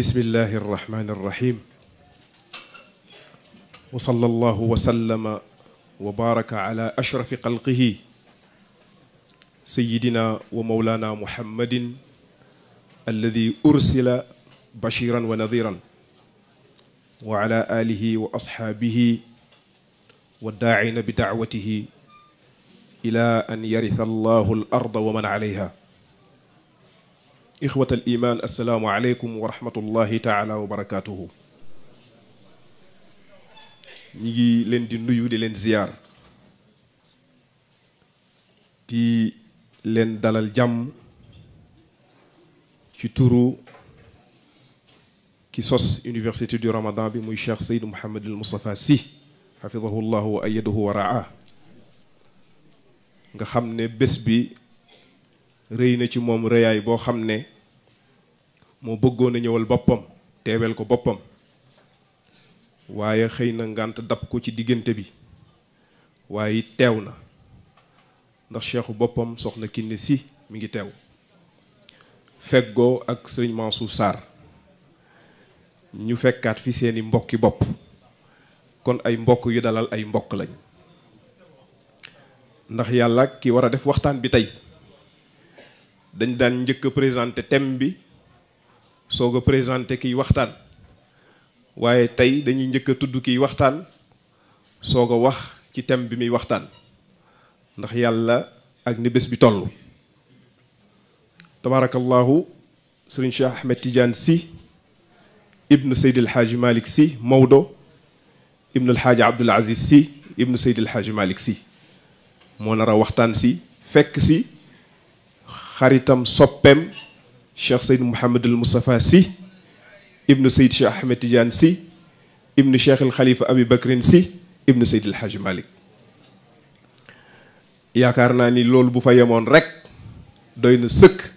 بسم الله الرحمن الرحيم وصلى الله وسلم وبارك على أشرف خلقه سيدنا ومولانا محمد الذي أرسل بشيرا ونذيرا وعلى آله وأصحابه والداعين بدعوته إلى أن يرث الله الأرض ومن عليها إخوة الإيمان السلام عليكم ورحمة الله تعالى وبركاته نيجي لين دي نيو دي لين زيار دي لين دلال جام كي تورو كي سوس يونيفرسيتي دي رمضان بي موي شيخ سيد محمد المصطفى سي حفظه الله وأيده ورعاه nga xamne bes bi reyna ci mom reyaay bo xamne moo bëggoon a ñëwal boppam teewel ko boppam waaye xëy na ngànt dab ko ci diggante bi waaye teew na ndax cheikhu boppam soxna kinne si mi ngi teew feggoo ak sëriñ Mansour saar ñu fekkaat fi seeni mbokki bopp kon ay mbokk yu dalal ay mbokk lañ ndax yàlla ki war a def waxtaan bi tey dañ daan njëkk a présenté bi soga présenter ki waxtan waye tay dañuy ñëk a tudd kiy waxtaan soog wax ci thème bi mi waxtan ndax yàlla ak ni bés bi tollu tabarakallahu serigne Cheikh Ahmed Tidiane si ibnu Seydil Hadji malik si mawdo ibnu Alxaaji Abdul Aziz si ibnu Seydil Hadji malik si mo nar a si fekk si xaritam soppem cheikh Seyd Mouhamed al Moustapha si ibnu Seyd Cheikh Ahmed Tidiane si ibnu Cheikh al Khalifa Abi Bakrin si ibnu Seyd al Hadj Malick yaakaar naa ni loolu bu fa yemoon rek doy na sëkk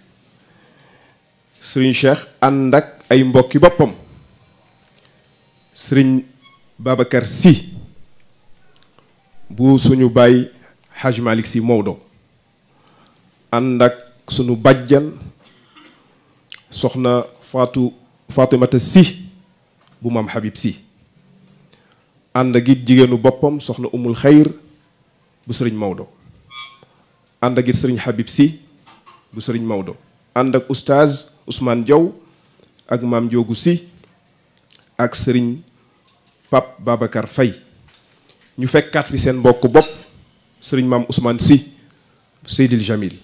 sëriñ Cheikh ànd ak ay mbokki boppam sëriñ Babacar si bu suñu baay Hadj Malick si Maodo ànd ak sunu bajjan soxna Fatou Fatoumata si bu maam Habib si ànd ak it jigéenu boppam soxna umul xayr bu sëriñ Maodo ànd ak it sëriñ Habib si bu sëriñ Maodo ànd ak oustaz Ousmane Diaw ak maam Njoogu si ak sëriñ Pape Babacar Faye ñu fekkaat fi seen mbokk bopp sëriñ maam Ousmane si Seydil Jamil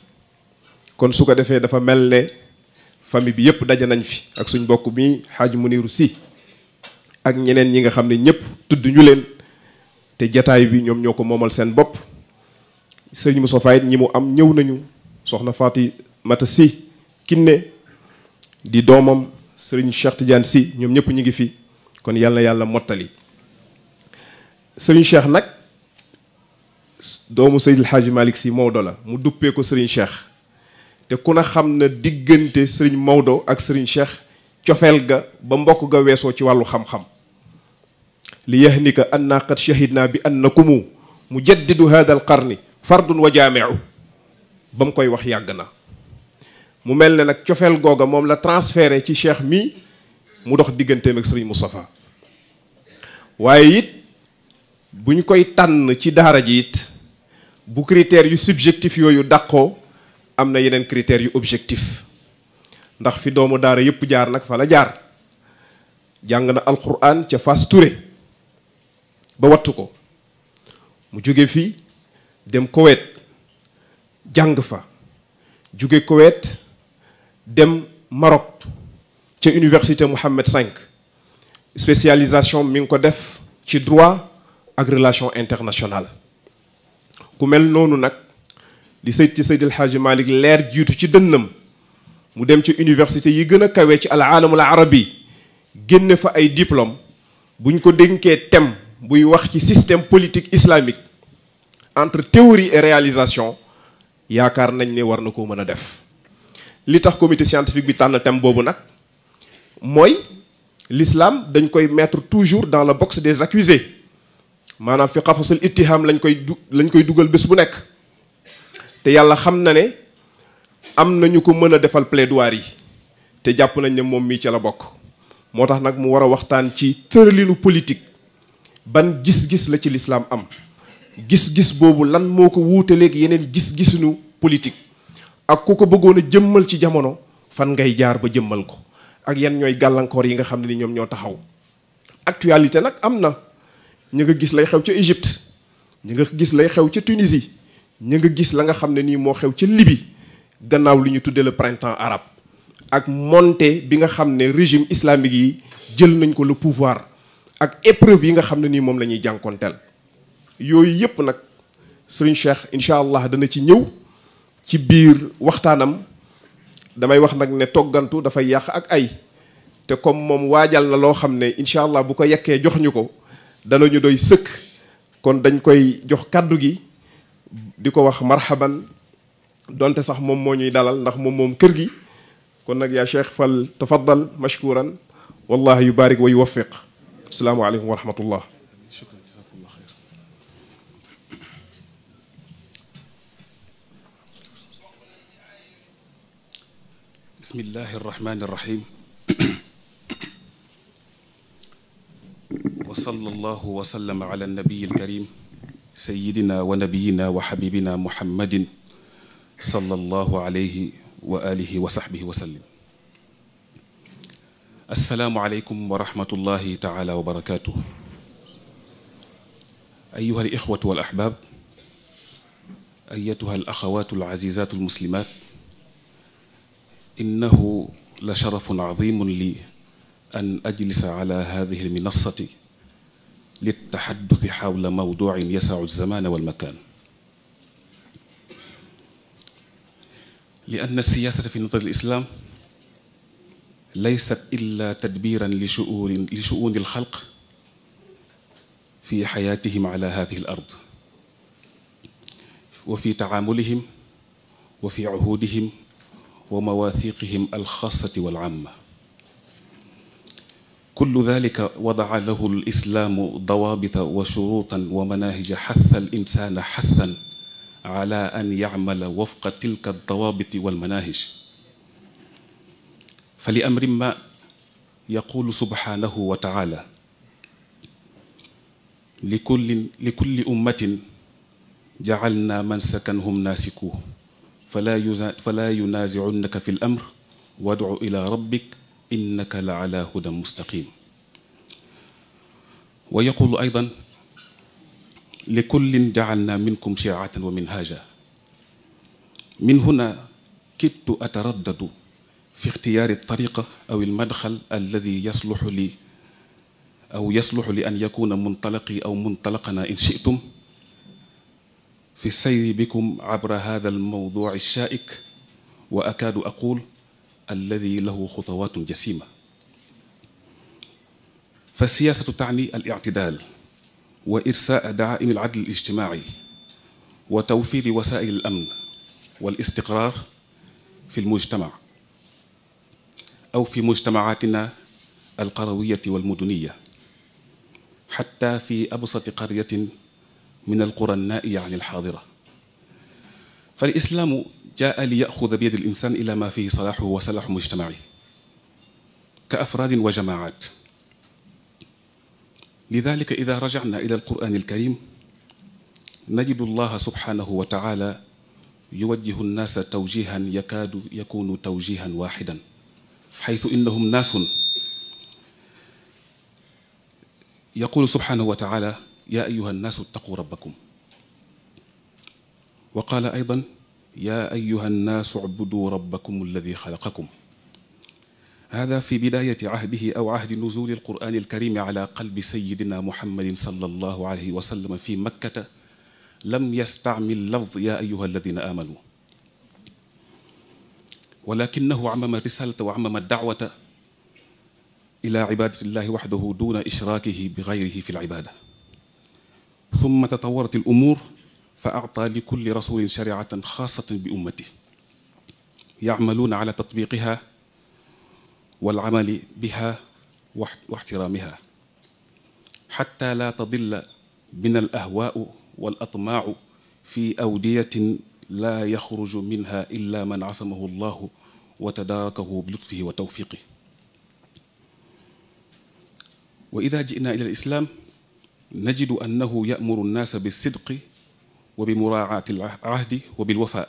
kon su ko defee dafa mel ne famille bi yëpp daje nañ fi ak suñ mbokk mi xaaj Muniru Si ak ñeneen ñi nga xam ne ñëpp tudd ñu leen te jataay bi ñoom ñoo ko moomal seen bopp sëriñ mu Faye ñi mu am ñëw nañu soxna Faati Mata Si Kinne di doomam sëriñ Cheikh Tidiane Si ñoom ñëpp ñu ngi fi kon yàlla yàlla mottali sëriñ Cheikh nag doomu Seydil Hadji malik Si Maodo la mu duppee ko sëriñ Cheikh te kuna ne xam serigne mawdo ak serigne Cheikh ciofel ga ba mbokk ga weesoo ci walu xam xam-xam li yahnika anna qad shahidna bi annakum mujaddidu hadha alqarn qarni fardun wa jami'u bam koy wax yagna mu melne nak ciofel goga mom la transféré ci cheikh mi mu dox digganteem ak serigne Moustapha waye it buñ koy tan ci dara ji it bu critère yu subjectif yoyu dàqoo amna yenen critère yu objectif ndax fi doomu daara yep jaar nak fa la jaar jang na ba ko mu dem Koweït jang fa dem Maroc ca université Mohammed 5. spécialisation mi ko def ci droit ak relation internationale mel li sëy ci Seydil Hadji Malick leer jitu ci deunam mu dem ci université yi gën kawe ci al alam al arabi genn fa ay diplôme buñ ko denké tém buy wax ci système politique islamique entre théorie et réalisation yaakaar nañ ne war nako mëna def li tax comité scientifique bi tan tém bobu nak moy l'islam dañ koy mettre toujours dans la box des accusés manam fi xafasul ittiham lañ koy lañ koy duggal bés bu nek te yàlla xam na ne am na ñu ko mën a defal plaidoirie yi te jàpp nañ ne moom mii ca la bokk moo tax nag mu war a waxtaan ci tëralinu politique ban gis-gis la ci lislaam am gis-gis boobu lan moo ko wuutaleeg yeneen gis-gisinu politique ak ku ko bëggoon a jëmmal ci jamono fan ngay jaar ba jëmmal ko ak yan ñooy gàllankoor yi nga xam ne ni ñoom ñoo taxaw actualité nag am na ñu nga gis lay xew ca Égypte ñu nga gis lay xew ca Tunisie ñu nga gis la nga xam ni mo xew ci libi gannaaw li ñu tuddé le printemps arabe ak monté bi nga xam régime islamique yi jël nañ ko le pouvoir ak épreuve yi nga xam ni mom lañuy jankontel yoy yépp cheikh inshallah allah dana ci ñew ci biir waxtanam damay wax nag ne toggantu dafay yaax ak ay te comme mom wajal na lo xamné inshallah allah bu ko yaké jox ñuko dañu doy seuk kon dañ koy jox kaddu gi diko wax marhaban donte sax mom moo ñuy dalal ndax mom mom kër gi kon nak ya cheikh fal tafaddal mashkuran wallahi yubarik wa yuwaffiq assalamu alaykum wa rahmatullah بسم الله الرحمن الرحيم وصلى الله وسلم على النبي الكريم سيدنا ونبينا وحبيبنا محمد صلى الله عليه وآله وصحبه وسلم السلام عليكم ورحمة الله تعالى وبركاته أيها الإخوة والأحباب أيتها الأخوات العزيزات المسلمات إنه لشرف عظيم لي أن أجلس على هذه المنصة للتحدث حول موضوع يسع الزمان والمكان لأن السياسة في نظر الإسلام ليست إلا تدبيرا لشؤون, لشؤون الخلق في حياتهم على هذه الأرض وفي تعاملهم وفي عهودهم ومواثيقهم الخاصة والعامة كل ذلك وضع له الإسلام ضوابط وشروطا ومناهج حث الإنسان حثا على أن يعمل وفق تلك الضوابط والمناهج فلأمر ما يقول سبحانه وتعالى لكل, لكل أمة جعلنا من سكنهم ناسكوه فلا, فلا ينازعنك في الأمر وادع إلى ربك إنك لعلى هدى مستقيم ويقول أيضا لكل جعلنا منكم شيعة ومنهاجا من هنا كدت أتردد في اختيار الطريقة أو المدخل الذي يصلح لي أو يصلح لأن يكون منطلقي أو منطلقنا إن شئتم في السير بكم عبر هذا الموضوع الشائك وأكاد أقول الذي له خطوات جسيمة فالسياسة تعني الاعتدال وإرساء دعائم العدل الاجتماعي وتوفير وسائل الأمن والاستقرار في المجتمع أو في مجتمعاتنا القروية والمدنية حتى في أبسط قرية من القرى النائية عن الحاضرة فالإسلام جاء ليأخذ بيد الإنسان إلى ما فيه صلاحه وصلاح مجتمعه كأفراد وجماعات لذلك إذا رجعنا إلى القرآن الكريم نجد الله سبحانه وتعالى يوجه الناس توجيها يكاد يكون توجيها واحدا حيث إنهم ناس يقول سبحانه وتعالى يا أيها الناس اتقوا ربكم وقال أيضا يا أيها الناس اعبدوا ربكم الذي خلقكم هذا في بداية عهده أو عهد نزول القرآن الكريم على قلب سيدنا محمد صلى الله عليه وسلم في مكة لم يستعمل لفظ يا أيها الذين آمنوا ولكنه عمم الرسالة وعمم الدعوة إلى عبادة الله وحده دون إشراكه بغيره في العبادة ثم تطورت الأمور فأعطى لكل رسول شريعة خاصة بأمته يعملون على تطبيقها والعمل بها واحترامها حتى لا تضل بنا الأهواء والأطماع في أودية لا يخرج منها إلا من عصمه الله وتداركه بلطفه وتوفيقه وإذا جئنا إلى الإسلام نجد أنه يأمر الناس بالصدق وبمراعاة العهد وبالوفاء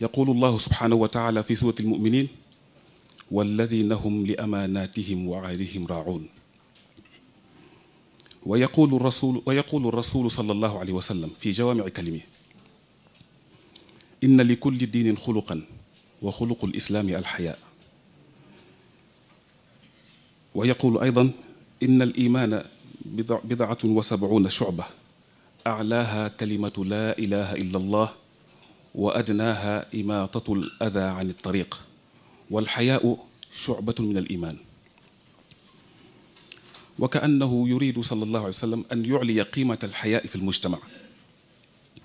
يقول الله سبحانه وتعالى في سورة المؤمنين والذين هم لأماناتهم وعهدهم راعون ويقول الرسول ويقول الرسول صلى الله عليه وسلم في جوامع كلمه إن لكل دين خلقا وخلق الإسلام الحياء ويقول أيضا إن الإيمان بضعة وسبعون شعبة أعلاها كلمة لا إله إلا الله وأدناها إماطة الأذى عن الطريق والحياء شعبة من الإيمان وكأنه يريد صلى الله عليه وسلم أن يعلي قيمة الحياء في المجتمع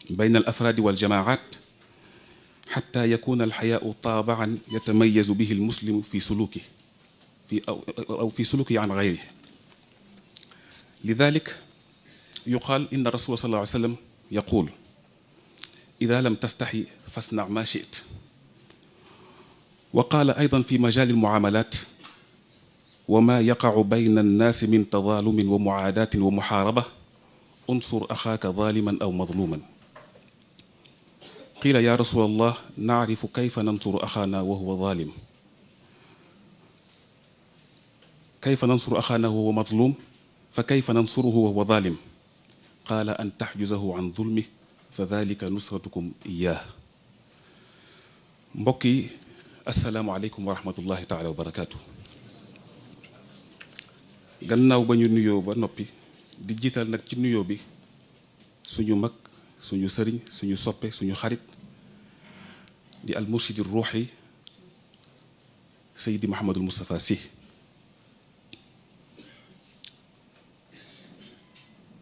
بين الأفراد والجماعات حتى يكون الحياء طابعا يتميز به المسلم في سلوكه في أو, في سلوكه عن غيره لذلك يقال إن الرسول صلى الله عليه وسلم يقول إذا لم تستحي فاصنع ما شئت وقال أيضا في مجال المعاملات وما يقع بين الناس من تظالم ومعاداة ومحاربة انصر أخاك ظالما أو مظلوما قيل يا رسول الله نعرف كيف ننصر أخانا وهو ظالم كيف ننصر أخانا وهو مظلوم فكيف ننصره وهو ظالم قال أن تحجزه عن ظلمه فذلك نصرتكم إياه mbokk yi asalaamualeykum wa rahmatullahi taala wa barakaatu gannaaw ba ñu nuyoo ba noppi di jiital nag ci nuyoo bi suñu mag suñu sëriñ suñu soppe suñu xarit di almursidi ruuxi sayidi mahamadul moustapha si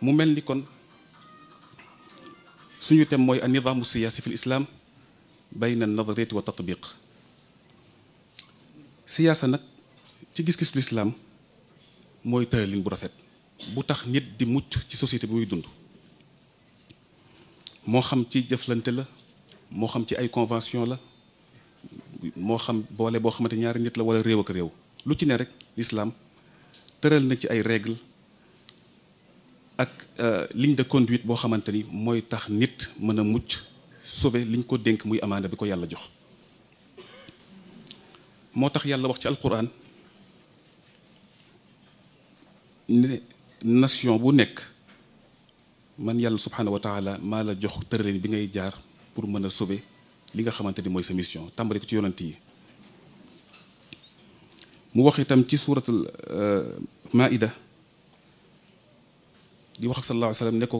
mu melni kon suñu tem moy an nidaamu siyasi fi l islaam bayna nadarati wa tatbiq siyasa nak ci gis-gisu lislaam moy tëralin bu rafet bu tax nit di mucc ci société bu muy dund mo xam ci jëflante la mo xam ci ay convention la mo xam boole bo xamante ñaari nit la wala réew ak réew lu ci ne rek l'islam tëral na ci ay règles ak ligne de conduite bo xamanteni moy tax nit meuna mucc sauver liñ ko dénk muy amana bi ko yàlla jox motax yàlla wax ci alquran ne nation bu nek man yàlla subhanahu wa taala maa la jox terre bi ngay jaar pour meuna sauver li nga xamanteni moy sa mission tàmbali ko ci yonenti mu wax itam ci suuratul maida di wax sallallahu alayhi wasallam ne ko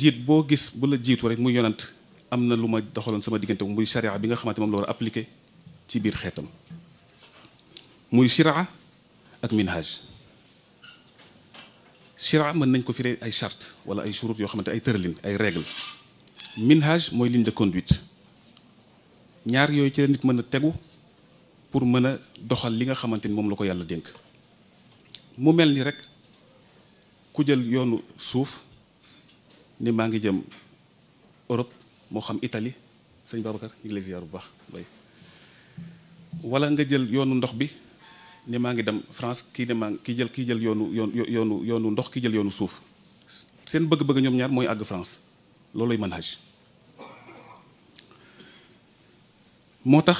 njiit bo gis bu la jitu rek muy yonant amna luma doxalon sama digeentou muy sharia bi nga xamanteni mom la wara appliquer ci bir xetam muy shira ak minhaj shira man nañ ko firé ay charte wala ay shurut yo xamanteni ay tëralin ay règle minhaj moy ligne de conduite ñaar yoy ci la nit mën téggu pour mën doxal li nga xamanteni mom la ko yàlla dénk mu melni rek ku jël yoonu suuf ni maa ngi jëm Europe moo xam itali sëñ Babacar ñu ngi bu baax walla nga jël yoonu ndox bi ni maa ngi dem France kii ne maa kii jël kii jël yoonu yoonu yoonu ndox ki jël yoonu suuf seen bëgg-bëgg ñoom ñaar mooy àgg France looluy manhaj moo tax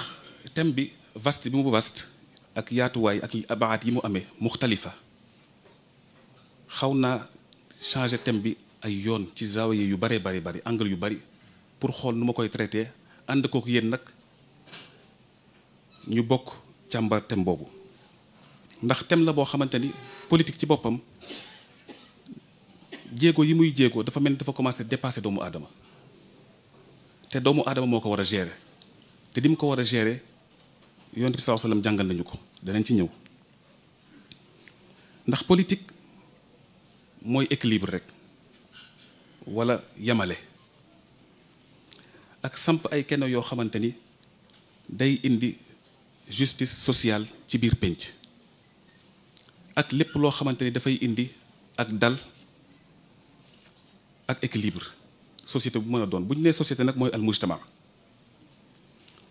thème bi vaste bi mu vaste ak yaatuwaay ak baat yi mu amee muxtalifa xaw naa changer thème bi ay yoon ci zaawiya yu bëree bëri bëri angle yu bëri pour xool nu ma koy traité ànd kooku yéen nag ñu bokk càmbar thème boobu ndax thème la boo xamante ni politique ci boppam jéego yi muy jéego dafa mel ni dafa commencé dépasser doomu adama te doomu aadama moo ko war a gérer te li mu ko war a gérer yonent bi sallallahu alayhi jàngal nañu ko danañ ci ñëw ndax politique. moy équilibre rek wala yamale ak samp ay kenn yo xamanteni day indi justice sociale ci bir pench ak lepp lo xamanteni da fay indi ak dal ak équilibre société bu meuna doon bu société nak al mujtama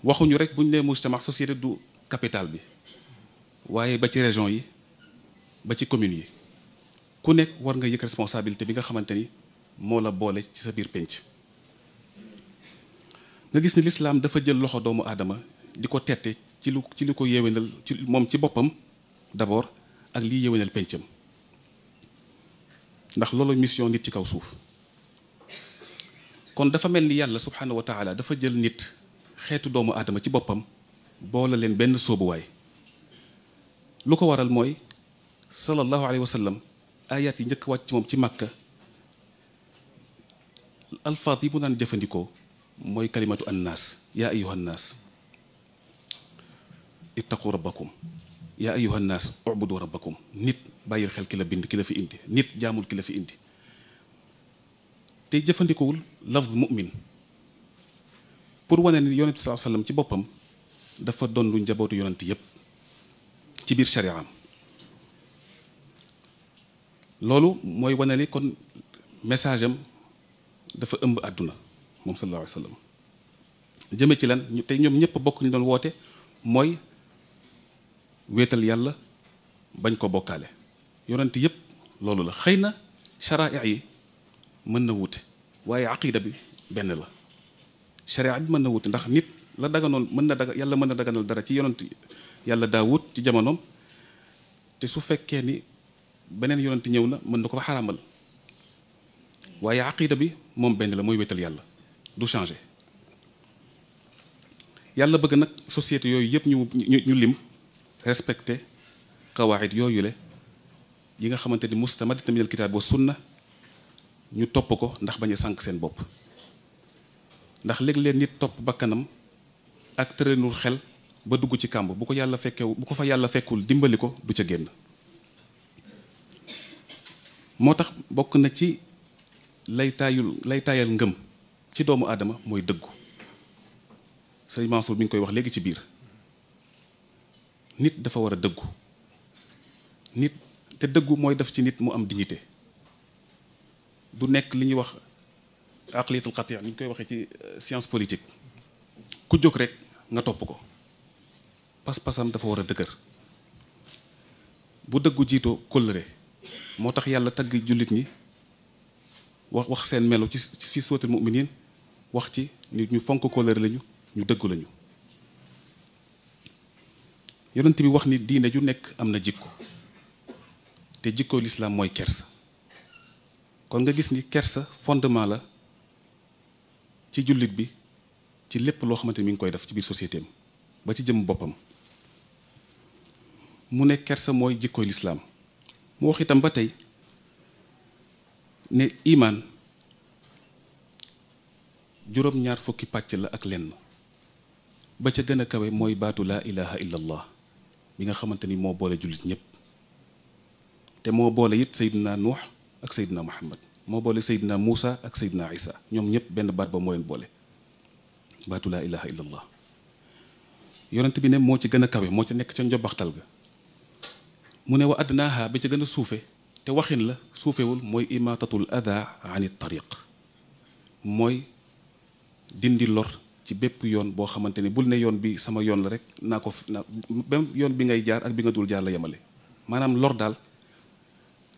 waxuñu rek buñ né mujtama société du capital bi waye ba ci région yi ba ci commune yi ku nekk war nga yëg responsabilité bi nga xamante ni moo la boole ci sa biir pénc nga gis ni lislaam dafa jël loxo doomu aadama di ko tette ci lu ci li ko yéwénal ci moom ci boppam d'abord ak liy yéwénal péncam ndax loolu mission nit ci kaw suuf kon dafa mel ni yàlla subhanahu wa taala dafa jël nit xeetu doomu aadama ci boppam boole leen benn sóobuwaay lu ko waral mooy sallallahu alayhi wa sallam ayat yi njëkk wàcc moom ci màkka alfaat yi mu daan jëfandikoo mooy kalimatu annaas yaa ayuha annaas ittaqu rabbakum yaa ayuha annaas ubudu rabbakum nit bàyyil xel ki la bind ki la fi indi nit jaamul ki la fi indi tey jëfandikoowul lafz mu'min pour wane ni yonent bi sallam ci boppam dafa doon lu njabootu yonent yépp ci biir shari'am loolu mooy wane ni kon message am dafa ëmb àdduna moom sallallahu alayhi wa jëme ci lan te ñoom ñëpp bokk ñu doon woote mooy wéetal yàlla bañ ko bokkaale yonent yëpp loolu la xëy na charaa yi mën na wuute waaye aqida bi benn la charia bi mën na wuti ndax nit la daganoon mën na daga yàlla mën na daganal dara ci yonent yàlla daawut ci jamonoom te su fekkee ni beneen yonent ñëw na mën na ko fa xaraamal waaye aqiida bi moom benn la mooy wétal yàlla du changé yàlla bëgg nag société yooyu yëpp ñu ñu lim respecté qawaid yooyu le yi nga xamante ni mustamadit min al kitaab wa sunna ñu topp ko ndax bañ a sànq seen bopp ndax léeg leen nit topp bakkanam ak tërenul xel ba dugg ci kàmb bu ko yàlla fekkew bu ko fa yàlla fekkul dimbali ko du ca génn moo tax bokk na ci lay taayul lay taayal ngëm ci doomu aadama mooy dëggu sëriñ Mansour mi ngi koy wax léegi ci biir nit dafa war a dëggu nit te dëggu mooy def ci nit mu am dignité du nekk li ñuy wax aqliyatul xatiya ni ñu koy waxee ci euh, science politique ku jóg rek nga topp ko pas-pasam dafa war a dëgër bu dëggu jiitoo kóllëre moo tax yàlla tagg jullit ñi wax wax seen melo ci fi sootul muminin wax ci nit ñu fonk kóllëre lañu ñu dëggu lañu yonent bi wax ni diine ju nekk am na jikko te jikko lislaam mooy kersa kon nga gis ni kersa fondement la ci jullit bi ci lépp loo xamante mi ngi koy def ci biir société ba ci jëm boppam mu ne kersa mooy jikkoy lislaam mu wax itam ba tey ne imaan juróom-ñaar fukki pàcc la ak lenn ba ca gën a kawe mooy baatu laa ilaha illallah bi nga xamante ni moo boole jullit ñépp te moo boole it Seydina Nuux ak Seydina Muhammad moo boole na Muusa ak Seydina Isa ñoom ñépp benn baat ba moo leen boole baatu laa ilaha illallah yonent bi ne moo ci gën a kawe moo ci nekk ca njobaxtal ga mu ne wa adnaaha bi ci gën a suufe te waxin la suufewul mooy imaatatul ada ani tariq mooy dindi lor ci bépp yoon boo xamante bul ne yoon bi sama yoon la rek naa ko na même yoon bi ngay jaar ak bi nga dul jaar la yemale maanaam lor daal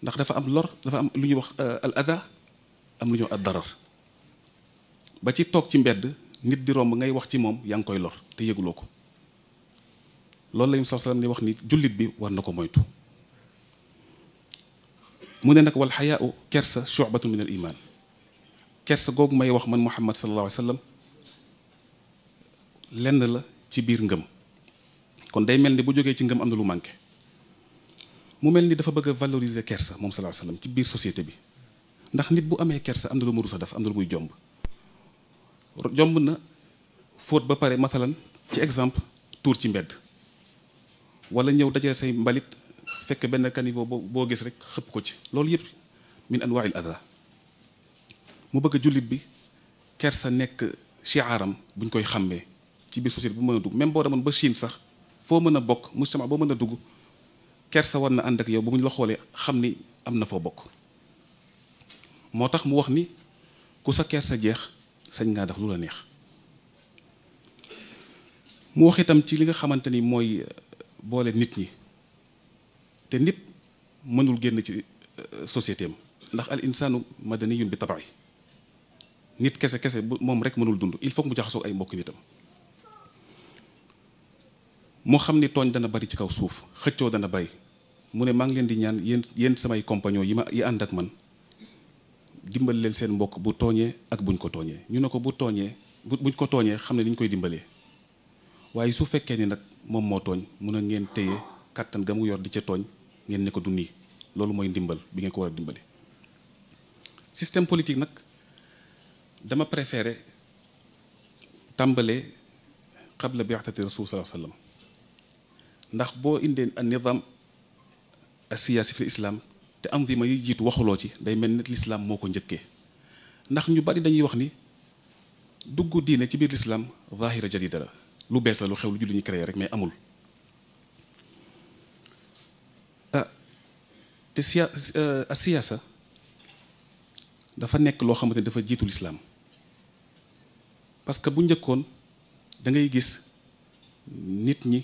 ndax dafa am lor dafa am lu wax al ada am lu ñuy wax ad darar ba ci toog ci mbedd nit di romb ngay wax ci moom yaa koy lor te yëguloo ko loolu la Musaa salaam di wax ni julit bi war nako moytu mu ne nag wal haya'u kersa shubatun min al iman kersa gog may wax man Muhammad sallallahu alayhi wasallam len la ci bir ngëm kon day melni bu joge ci ngëm am na lu manke mu melni dafa bëgg valoriser kersa mom sallallahu alayhi wasallam ci bir société bi ndax nit bu amé kersa am na lu mu rusa def am na lu muy jomb jomb na faute ba pare mathalan ci exemple tour ci mbedd ولا نيو داجي ساي مباليت فك بن كانيفو بو غيس ريك خيب كو سي لول ييب من انواع الاذى مو بغا جوليت بي كيرسا نيك شعارم بون كوي خامي سي بي سوسيت بو مانا دوغ ميم بو دامون با شين صاح فو مانا بوك مجتمع بو مانا دوغ كيرسا وانا اندك يو بو لا خولي خامني امنا فو بوك موتاخ مو وخني كو سا كيرسا جيخ سيغ نغا داف لولا نيه مو وخيتام تي ليغا خامتاني موي boole nit ñi te nit mënul génn ci euh, société am ndax al insanu madaniyun bi tabaay nit kese kese moom rek mënul dund il faut mu jaxasoo ay mbokk nitam mu xam ni tooñ dana bari ci kaw suuf xëccoo dana bay mu ne maa ngi leen di ñaan yéen yéen samay compagnon yi ma yi ànd ak man dimbal leen seen mbokk bu tooñee ak buñ ko tooñee ñu ne ko bu tooñee buñ ko tooñee xam ne koy dimbalee waaye su fekkee ni nag mom mo togn muna ngeen teye katan ga yor di ci togn ngeen ne ko du ni lolou moy ndimbal bi ngeen ko wara dimbalé système politique nak dama préféré tambalé qabla biatati rasul salaa wasallam ndax bo indé an nizam asiyasi fi fil islam te dima yi jiitu waxulo ci day melni l'islam moko ñëkke ndax ñu bari dañuy wax ni duggu diiné ci bir lislaam zahira jadidala lu bees la lu xew lu julli ñu créé rek mais amul ah te siya euh, siyaasa dafa nekk loo xamante ne dafa jiitu lislaam parce que bu njëkkoon da ngay gis nit ñi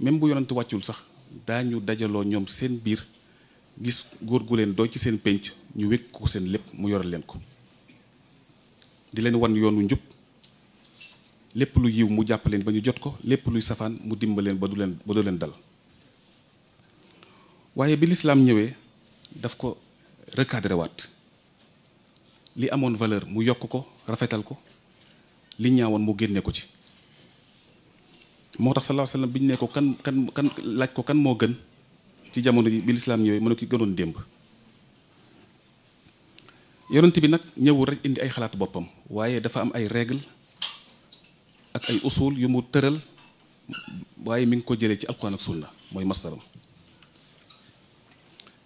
même bu yonante wàccul sax daañu dajaloo ñoom seen biir gis góor gu leen doy ci seen pénc ñu wékk ko seen lépp mu yoral leen ko di leen wan yoonu njub lépp lu yiw mu jàppaleen ba ñu jot ko lépp luy safaan mu dimbaleen ba du leen ba leen dal waaye bilislaam ñëwee daf ko recadré waat li amoon valeur mu yokk ko rafetal ko li ñaawoon mu génnee ko ci moo tax sallallahu alayhi wasallam bi ñu ne ko kan kan kan laaj ko kan moo gën ci jamono ji bi lislaam ñëwee mu ne ki gënoon démb yonent bi nag ñëwul rek indi ay xalaat boppam waaye dafa am ay règle ak ay usul yu mu teural waye mi ngi ko jëlee ci alquran ak sunna moy mastaram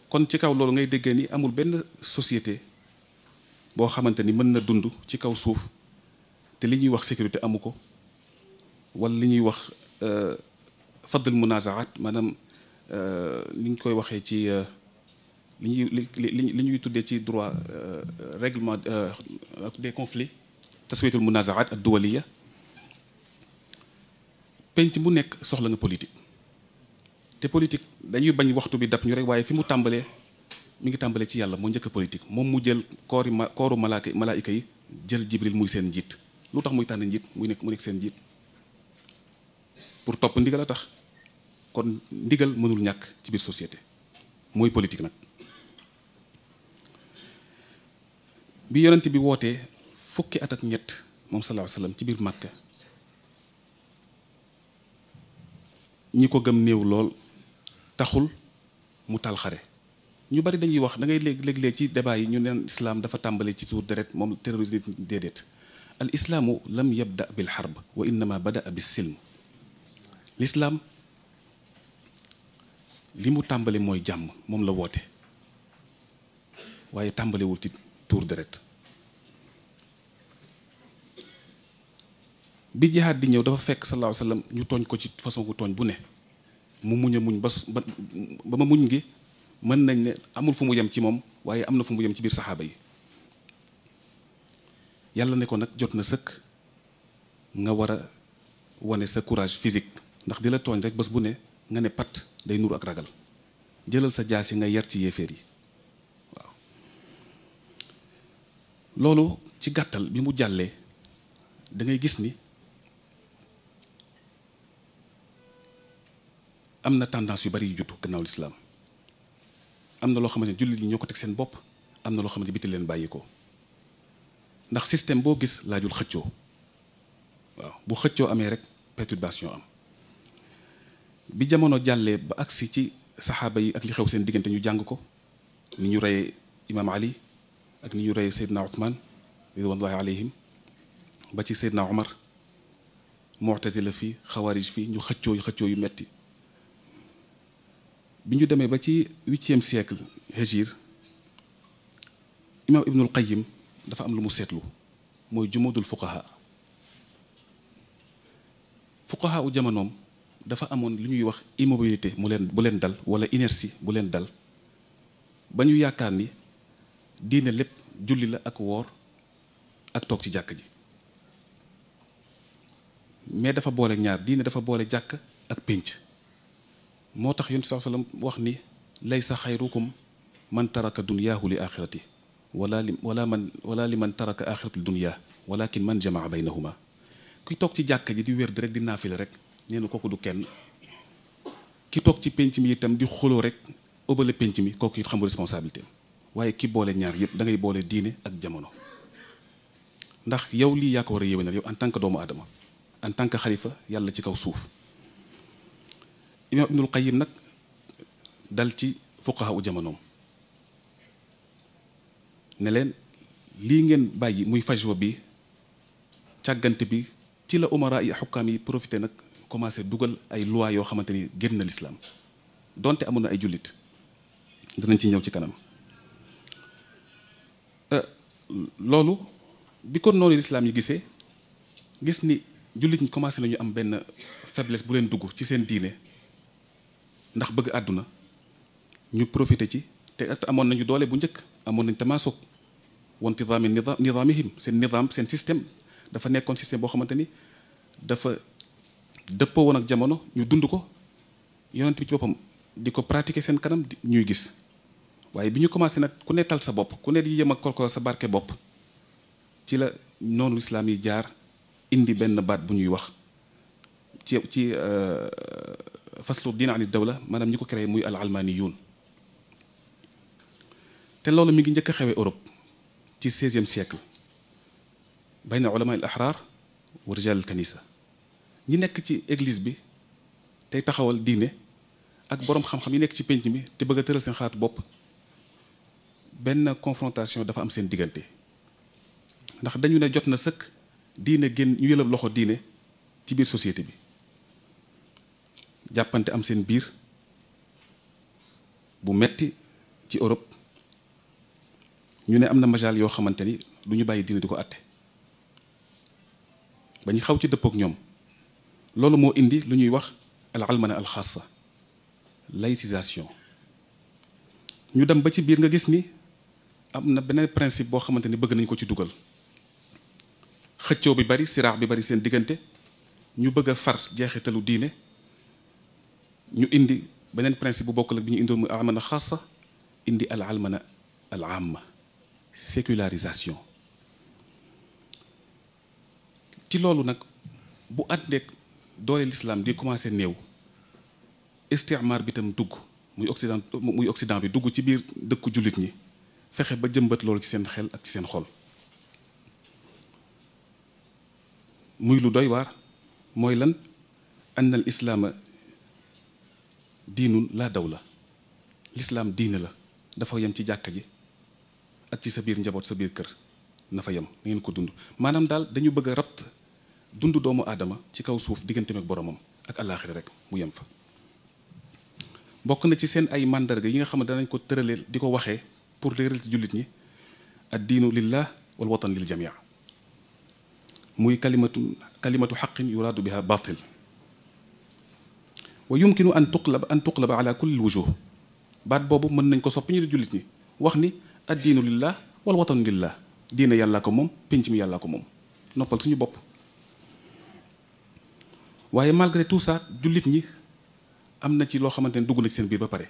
kon ci kaw lolou ngay déggé ni amul benn société bo xamanteni ni mën na dund ci kaw suuf te li ñuy wax sécurité amuko wala li ñuy wax fadl munazaat maanaam li ñu koy waxé ci li ñuy li ñuy tuddee ci droit euh règlement euh des conflits taswitul munazaat ad duwaliya penc bu nek soxla nga politique te politique dañuy bañ waxtu bi dab ñu rek waye fi mu tambalé mi ngi tambalé ci yalla mo ñëk politique mom mu jël koori kooru malaika malaika yi jël jibril muy seen njiit lu muy tan njiit muy nek mu nek seen njiit pour top ndigal tax kon ndigal mënul ñak ci biir société moy politique nak bi yonent bi woté fukki at ak ñett sallallahu alayhi wasallam ci biir makkah ñi ko gëm néew lool taxul mu tal xare ñu bari dañuy wax da ngay leg leg le ci débat yi ñu neen islam dafa tàmbale ci tour deret mom terrorisme dedet al islam lam yabda bil harb wa inma bada bis silm l'islam li mu tàmbale moy jàmm mom la woté waye tambalé wul ci tour deret bi jihaad di ñëw dafa fekk sallallahu alayhi wasallam ñu tooñ ko ci façon ku tooñ bu ne mu muñ a muñ ba ba ma muñ gi mën nañ ne amul fu mu yem ci moom waaye am na fu mu yem ci biir saxaaba yi yàlla ne ko nag jot na sëkk nga war a wane sa courage physique ndax di la tooñ rek bés bu ne nga ne patt day nuru ak ragal jëlal sa yi nga yar ci yéeféer yi waaw loolu ci gàttal bi mu jàllee dangay gis ni amna tendance yu bari yu jottu gannaaw l'islam amna lo xamanteni julit yi ñoko tek seen bop amna lo xamanteni xamante ne biti leen bàyyi ndax système bo gis laajul xëccio waaw bu xëccio amé rek perturbation am bi jamono jallé ba aksi ci sahaba yi ak li xew seen digënté ñu jàng ko ni ñu reyee imam ali ak ni ñu reyee sayyidna uthman ridwanullahi alayhim ba ci sayyidna umar mu'tazila fi khawarij fi ñu xëccio yu xëccio yu metti bi ñu demee ba ci huitième siècle hégire imaam ibnul qayim dafa am lu mu seetlu mooy jumudul fuqaha fuqaha u jamonoom dafa amoon li ñuy wax immobilité mu leen bu leen dal wala inertie bu leen dal ba ñu yaakaar ni diine lépp julli la ak woor ak toog ci jàkk ji mais dafa boole ñaar diine dafa boole jàkk ak pénc موتخ يونس صلى الله عليه وسلم وخني ليس خيركم من ترك دنياه لآخرته ولا ولا من ولا لمن ترك آخرة الدنيا ولكن من جمع بينهما كي توك تي جاكا دي وير ديريك دي نافيل ريك نينو كوكو دو كين كي توك تي بينتي مي تام دي خولو ريك اوبل بينتي مي كوكو يت خامو ريسبونسابيلتي واي كي بولي نيار ييب داغي بولي دين اك جامونو نداخ ياو لي ياكو ري يوينال يو ان تانك دومو ادمه ان تانك خليفه يالا تي كاو سوف imaam ibnul nag dal ci fuqaha u jamonoom leen lii ngeen bàyyi muy fajwa bi càggante bi ci la umara yi xukkaam yi profité nag commencé dugal ay loi yoo xamante ni génn na lislaam donte amoon ay jullit dinañ ci ñëw ci kanam euh, loolu bi kon noonu lislaam yi gisee gis ni jullit ñi commencé nañu am benn faiblesse bu leen dugg ci seen diine ndax bëgg aduna ñu profité ci te amon nañu doolé bu ñëk amon nañu tamasuk wanti raami nidaamihim seen nidaam seen système dafa nekkon system bo xamanteni dafa dëppoo won ak jamono ñu dund ko yonent bi ci bopam diko pratiquer sen kanam ñuy gis waye biñu commencé nak ku netal sa bop ku net di yema kol kol sa barké bop ci la nonu islam yi jaar indi ben bat bu ñuy wax ci ci euh, فصلوا الدين عن الدولة ما نم نيكو كراي موي العلمانيون تلون لولو ميغي نيكا اوروب تي 16 سيكل بين علماء الاحرار ورجال الكنيسه ني نيك تي بي تي تاخاول دينه اك بوروم خام خام ني نيك تي مي تي بغا تيرل خات بوب بن كونفرونتاسيون دا فا ام سين ديغانتي ناخ دانيو ني جوتنا سك دينه ген يلب لوخو دينه تي بير سوسيتي بي jàppante am seen biir bu metti ci Europe ñu ne am na majal yoo xamante ni du ñu bàyyi diine di ko àtte ba ñu xaw ci dëppook ñoom loolu moo indi lu ñuy wax al almana al xaasa laïcisation ñu dem ba ci biir nga gis ni am na beneen principe boo xamante ni bëgg nañu ko ci dugal xëccoo bi bari siraax bi bari seen diggante ñu bëgg a far jeexitalu diine ñu indi beneen principe bu bokkul ak bi ñu indoon muy almana xaasa indi al almana al amma sécularisation ci loolu nag bu àndeek doole lislaam di commencé néew istimar bi tam dugg muy occident muy occident bi dugg ci biir dëkku julit ñi fexe ba jëmbat loolu ci seen xel ak ci seen xol muy lu doy waar mooy lan an al islaama دين لا دولة الإسلام دين لا دفع يم تيجا كجي أكتي سبير نجابات سبير كر نفع يم نين كدوند ما نام دال دنيو بعج ربط دوند دوما آدما تيكا وسوف دين تيمك برامم أك الله خير رك مو يم ف بكون تي سين أي مندر جي نخم دارن كتر ل ديكو وخي pour leur juliet ni الدين لله والوطن للجميع مو كلمة كلمة حق يراد بها باطل ويمكن ان تقلب ان تقلب على كل الوجوه بعد بوبو من نكو سوبني دي جوليتني واخني الدين لله والوطن لله دين يالا كوم موم بينتي مي يالا موم نوبال سوني بوب واي مالغري تو سا جوليتني امنا سي لو خامتاني دوغنا سين بير با بار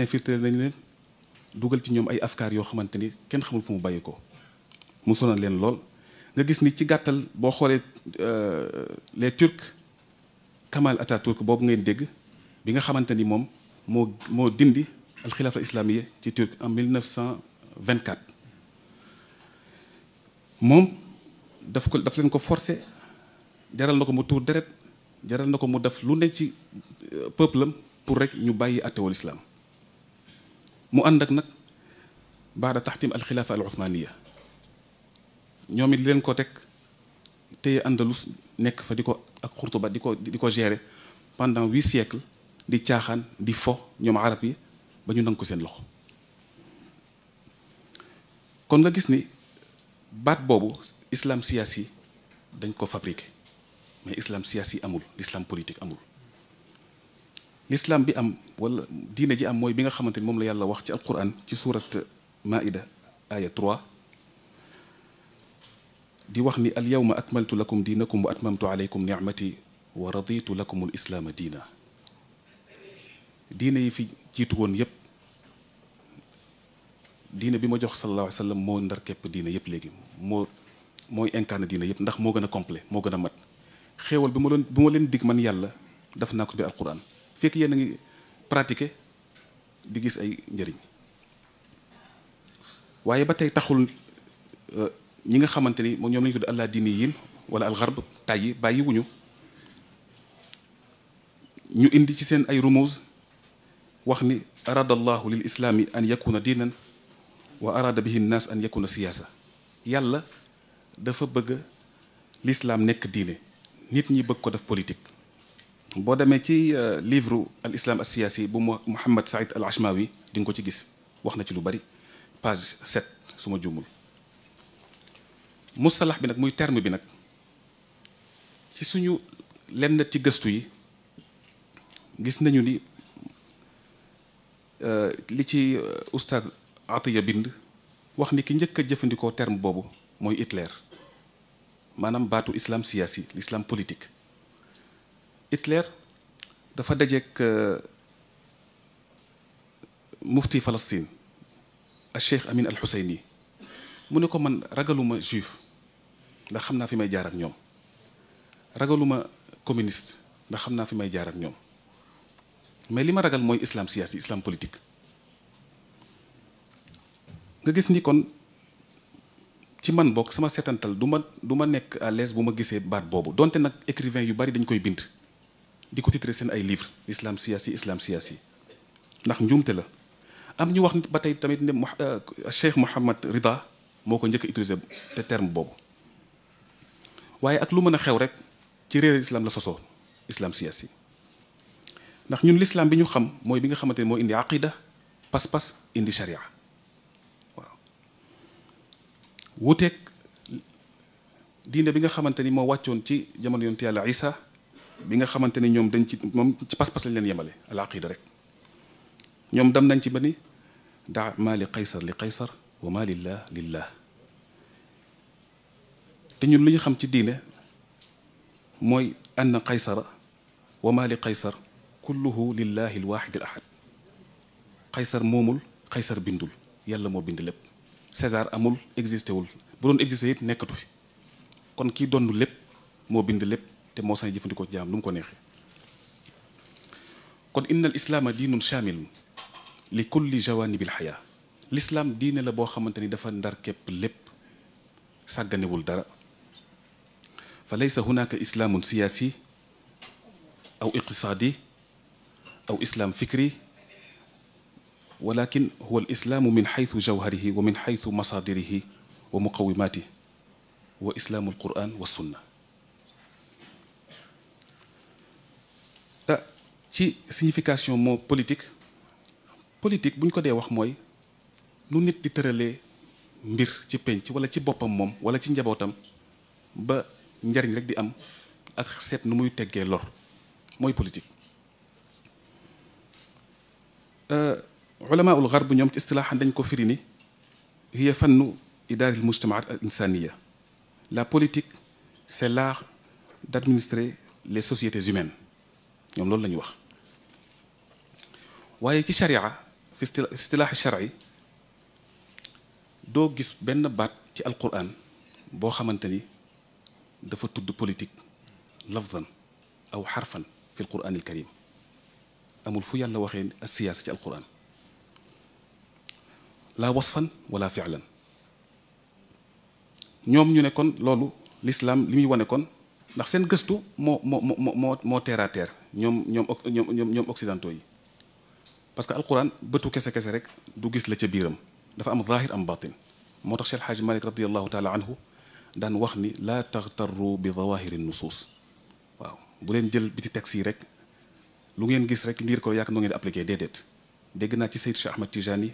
انفيلتري نين لين دوغال تي نيوم اي افكار يو خامتاني كين خامول فمو بايكو مو سونال لين لول nga gis ni ci gàttal boo xoolee euh, les turcs Kamal Atatürk boobu ngeen dégg bi nga xamante ni moom moo moo dindi alxilaafa islamiya ci Turc en 1924 moom daf ko daf leen ko forcé jaral na ko mu tuur deret jaral na ko mu def lu ne ci peuple am pour rek ñu bàyyi attewal islam mu ànd ak nag baada taxtim alxilaafa al uthmaniya ñoom it leen ko teg téye Andalus nekk fa di ko ak xurtuba diko diko di gérer pendant 8 siècles di tiaxan di fo ñom arab yi ba ñu nangu ko seen loxo kon nga gis ni baat bobu islam siyasi dañ ko fabriquer mais islam siyasi amul islam politique amul l'islam bi am wala diine ji am moy bi nga xamanteni mom la yalla wax ci alquran ci sourate maida ayat 3 دي وخني اليوم أكملت لكم دينكم وأتممت عليكم نعمتي ورضيت لكم الإسلام دينا ديني في جيتون يب دين بما جوخ صلى الله عليه وسلم مو ندر كيب دين يب لغي مو موي انكان دين يب ندخ مو غنى كومبلي مو غنى مات خيوال بما لين ديك من يالا دفنا كتب القرآن فيك ينغي براتيكي ديكيس اي نجرين وايبا تاي تخل ñi nga xamante ni moom ñoom la ñu tudd allah diini yiin wala alxarb tàyyi bàyyiwuñu ñu indi ci seen ay rumuz wax ni arada allah lil islam an yakuna dinan wa arada bihi an-nas an yakuna siyasa yàlla dafa bëgg l'islam nek diine nit ñi bëgg ko def politique bo démé ci livre al islam as siyasi bu Mouhamed Saïd al Ashmawi di ko ci gis wax na ci lu bari page 7 suma jumul مصطلح بنك موي تيرم بي نك في سونو لن تي گستو يي گيس نانيو لي ا لي تي استاد عطيه بند واخ ني كي نيك جيفانديكو تيرم بوبو موي هتلر مانام باتو اسلام سياسي الاسلام بوليتيك هتلر دا فا داجيك مفتي فلسطين الشيخ امين الحسيني مونيكو من رجلوما جيف ndax xam naa fi may jaar ak ñoom ragaluma communiste ndax xam naa fi may jaar ak ñoom mais li ma ragal mooy islam siyasi islam politique nga gis ni kon ci man bokk sama setantal du ma du ma nekk à l'aise bu ma gisee baat boobu donte nag écrivain yu bari dañ koy bind di ko titrer seen ay livre islam siyasi islam siyasi ndax njuumte la am ñu wax ba tey tamit ne Cheikh Mouhamad Rida moo ko njëkk a utiliser te terme boobu waaye ak lu mën a xew rek ci réeré islam la sosoo islam siyasi ndax ñun l'islam bi ñu xam mooy bi nga xamante ne moo indi aqida pas-pas indi sharia waaw wuuteeg diine bi nga xamante ni moo wàccoon ci jamono yonte yàlla isa bi nga xamante ni ñoom dañ ci moom ci pas-pas lañ leen yemale al aqida rek ñoom dam nañ ci ba ni daa maa li qaysar li qaysar wa maa lillah lillah te ñun li ñu xam ci diine mooy anna qaysara wa ma li qaysar kulluhu lillahi alwahid alahad qaysar moomul qaysar bindul yàlla moo bind lépp César amul existé wul bu doon existé it nekkatu fi kon kii donn lépp moo bind lépp te moo sañ jëfandikoo jaam lu mu ko neexee kon inna al islaama diinun shaamil li kulli jawaanibil xayaa l'islam diine la boo xamante ni dafa ndar képp lépp sàgganewul dara فليس هناك إسلام سياسي أو اقتصادي أو إسلام فكري ولكن هو الإسلام من حيث جوهره ومن حيث مصادره ومقوماته هو إسلام القرآن والسنة ci signification mot politique politique bu ñu ko dee wax mooy nu nit di tëralee mbir ci penc wala ci boppam moom wala ci njabootam ba njariñ rek di am ak seet nu muy teggee lor mooy politique ulamaul garb ñoom ci istilaaxan dañ ko firi ni hiya fannu idaari al mujtamaat al insaniya la politique c'est l'art d'administrer les sociétés humaines ñoom loolu la ñu wax waaye ci sharia fi istilaax sharci doo gis benn baat ci alquran boo xamante ni دفت تود بوليتيك لفظا او حرفا في القران الكريم أم فيا لا السياسه في القران لا وصفا ولا فعلا نيوم ني نكون لولو الاسلام لمي واني كون داخ سين گستو مو مو مو مو تيرا تير نيوم نيوم نيوم نيوم نيوم اوكسيدانتو يي باسكو القران بتو كسه كسه ريك دو گيس لا تي بيرم ام ظاهر ام باطن موتاخ الحاج مالك رضي الله تعالى عنه daan wax ni laa taxtarru bi zawahiri nusuus waaw bu leen jël biti texte yi rek lu ngeen gis rek liir ko yàq noo ngeen appliqué déedéet dégg naa ci Seyd Cheikh Ahmad Tijani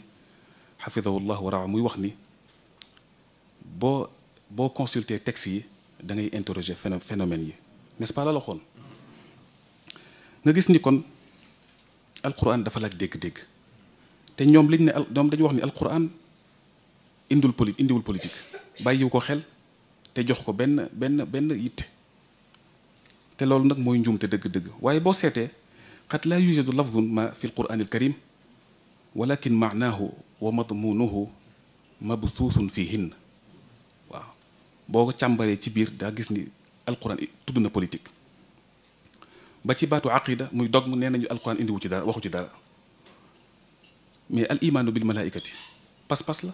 xafidahu llah wa raa muy wax ni boo boo consulter texte yi da ngay interroger phénomène yi n'est-ce pas la la xoon nga gis ni kon alquran dafa laaj dégg-dégg te ñoom liñ ne ñoom dañu wax ni alquran indul poli indiwul politique bàyyiwu ko xel te jox ko benn benn benn yitte te loolu nag mooy njuumte dëgg-dëgg waaye boo seetee xat laa yujadu lafdun ma fi alquran alkarim walakin maanaahu wa madmunuhu mabsuusun fihin waaw boo ko càmbaree ci biir daa gis ni alquran tudd na politique ba ci baatu aqida muy dogm nee nañu alquran indiwu ci dara waxu ci dara mais al imaanu bil malaikati pas-pas la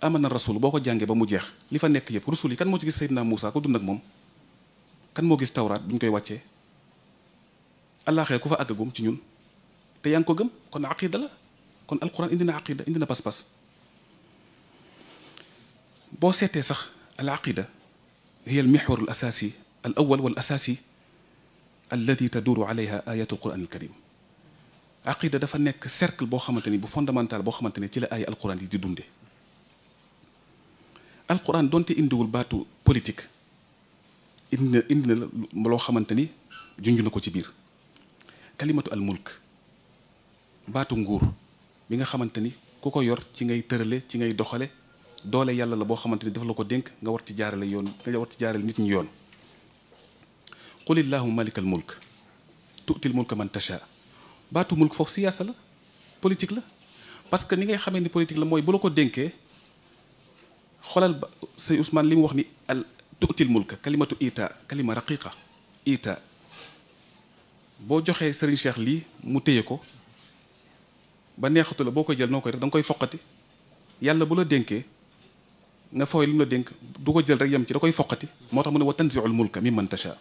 amana rasul boko jange ba mu jeex li fa nek yeb rasul yi kan mo ci gis Seydina musa ko dund ak mom kan mo gis tawrat buñ koy wacce allah àllaaxee ku fa agagum ci ñun te yang ko gëm kon aqida la kon alquran indina aqida indina na pas-pas boo seetee sax al aqida hiya al mihwar al asasi al awwal wal asasi alladi taduru alayha ayatu alquran alkarim aqida dafa nekk cercle boo xamante ni bu fondamental boo xamante ni ci la ay alquran di dundee القران دونتي اندول باتو بوليتيك ان ان لو خامتاني جونجو نكو سي بير كلمه الملك باتو نغور ميغا خامتاني كوكو يور تي غاي تيرالي تي غاي دوخالي دولا يالا لا بو خامتاني داف لاكو دينك غا ورتي جارال يون غا ورتي جارال نيت ني يون قل الله مالك الملك تؤتي الملك من تشاء باتو ملك فوق سياسه لا بوليتيك لا باسكو نيغا خامي ني بوليتيك لا موي بو لاكو خلال سي عثمان لي موخني تؤتي الملك كلمه ايتاء كلمه رقيقه ايتاء بو جوخي سيرن شيخ لي مو تيهكو با نيهختو لا بوكو جيل نوكو دانكاي فوقاتي يالا بولا دينكي نا فوي لم لا دينك دوكو جيل رك يامتي داكاي فوقاتي موتاخ من وتنزع الملك ممن تشاء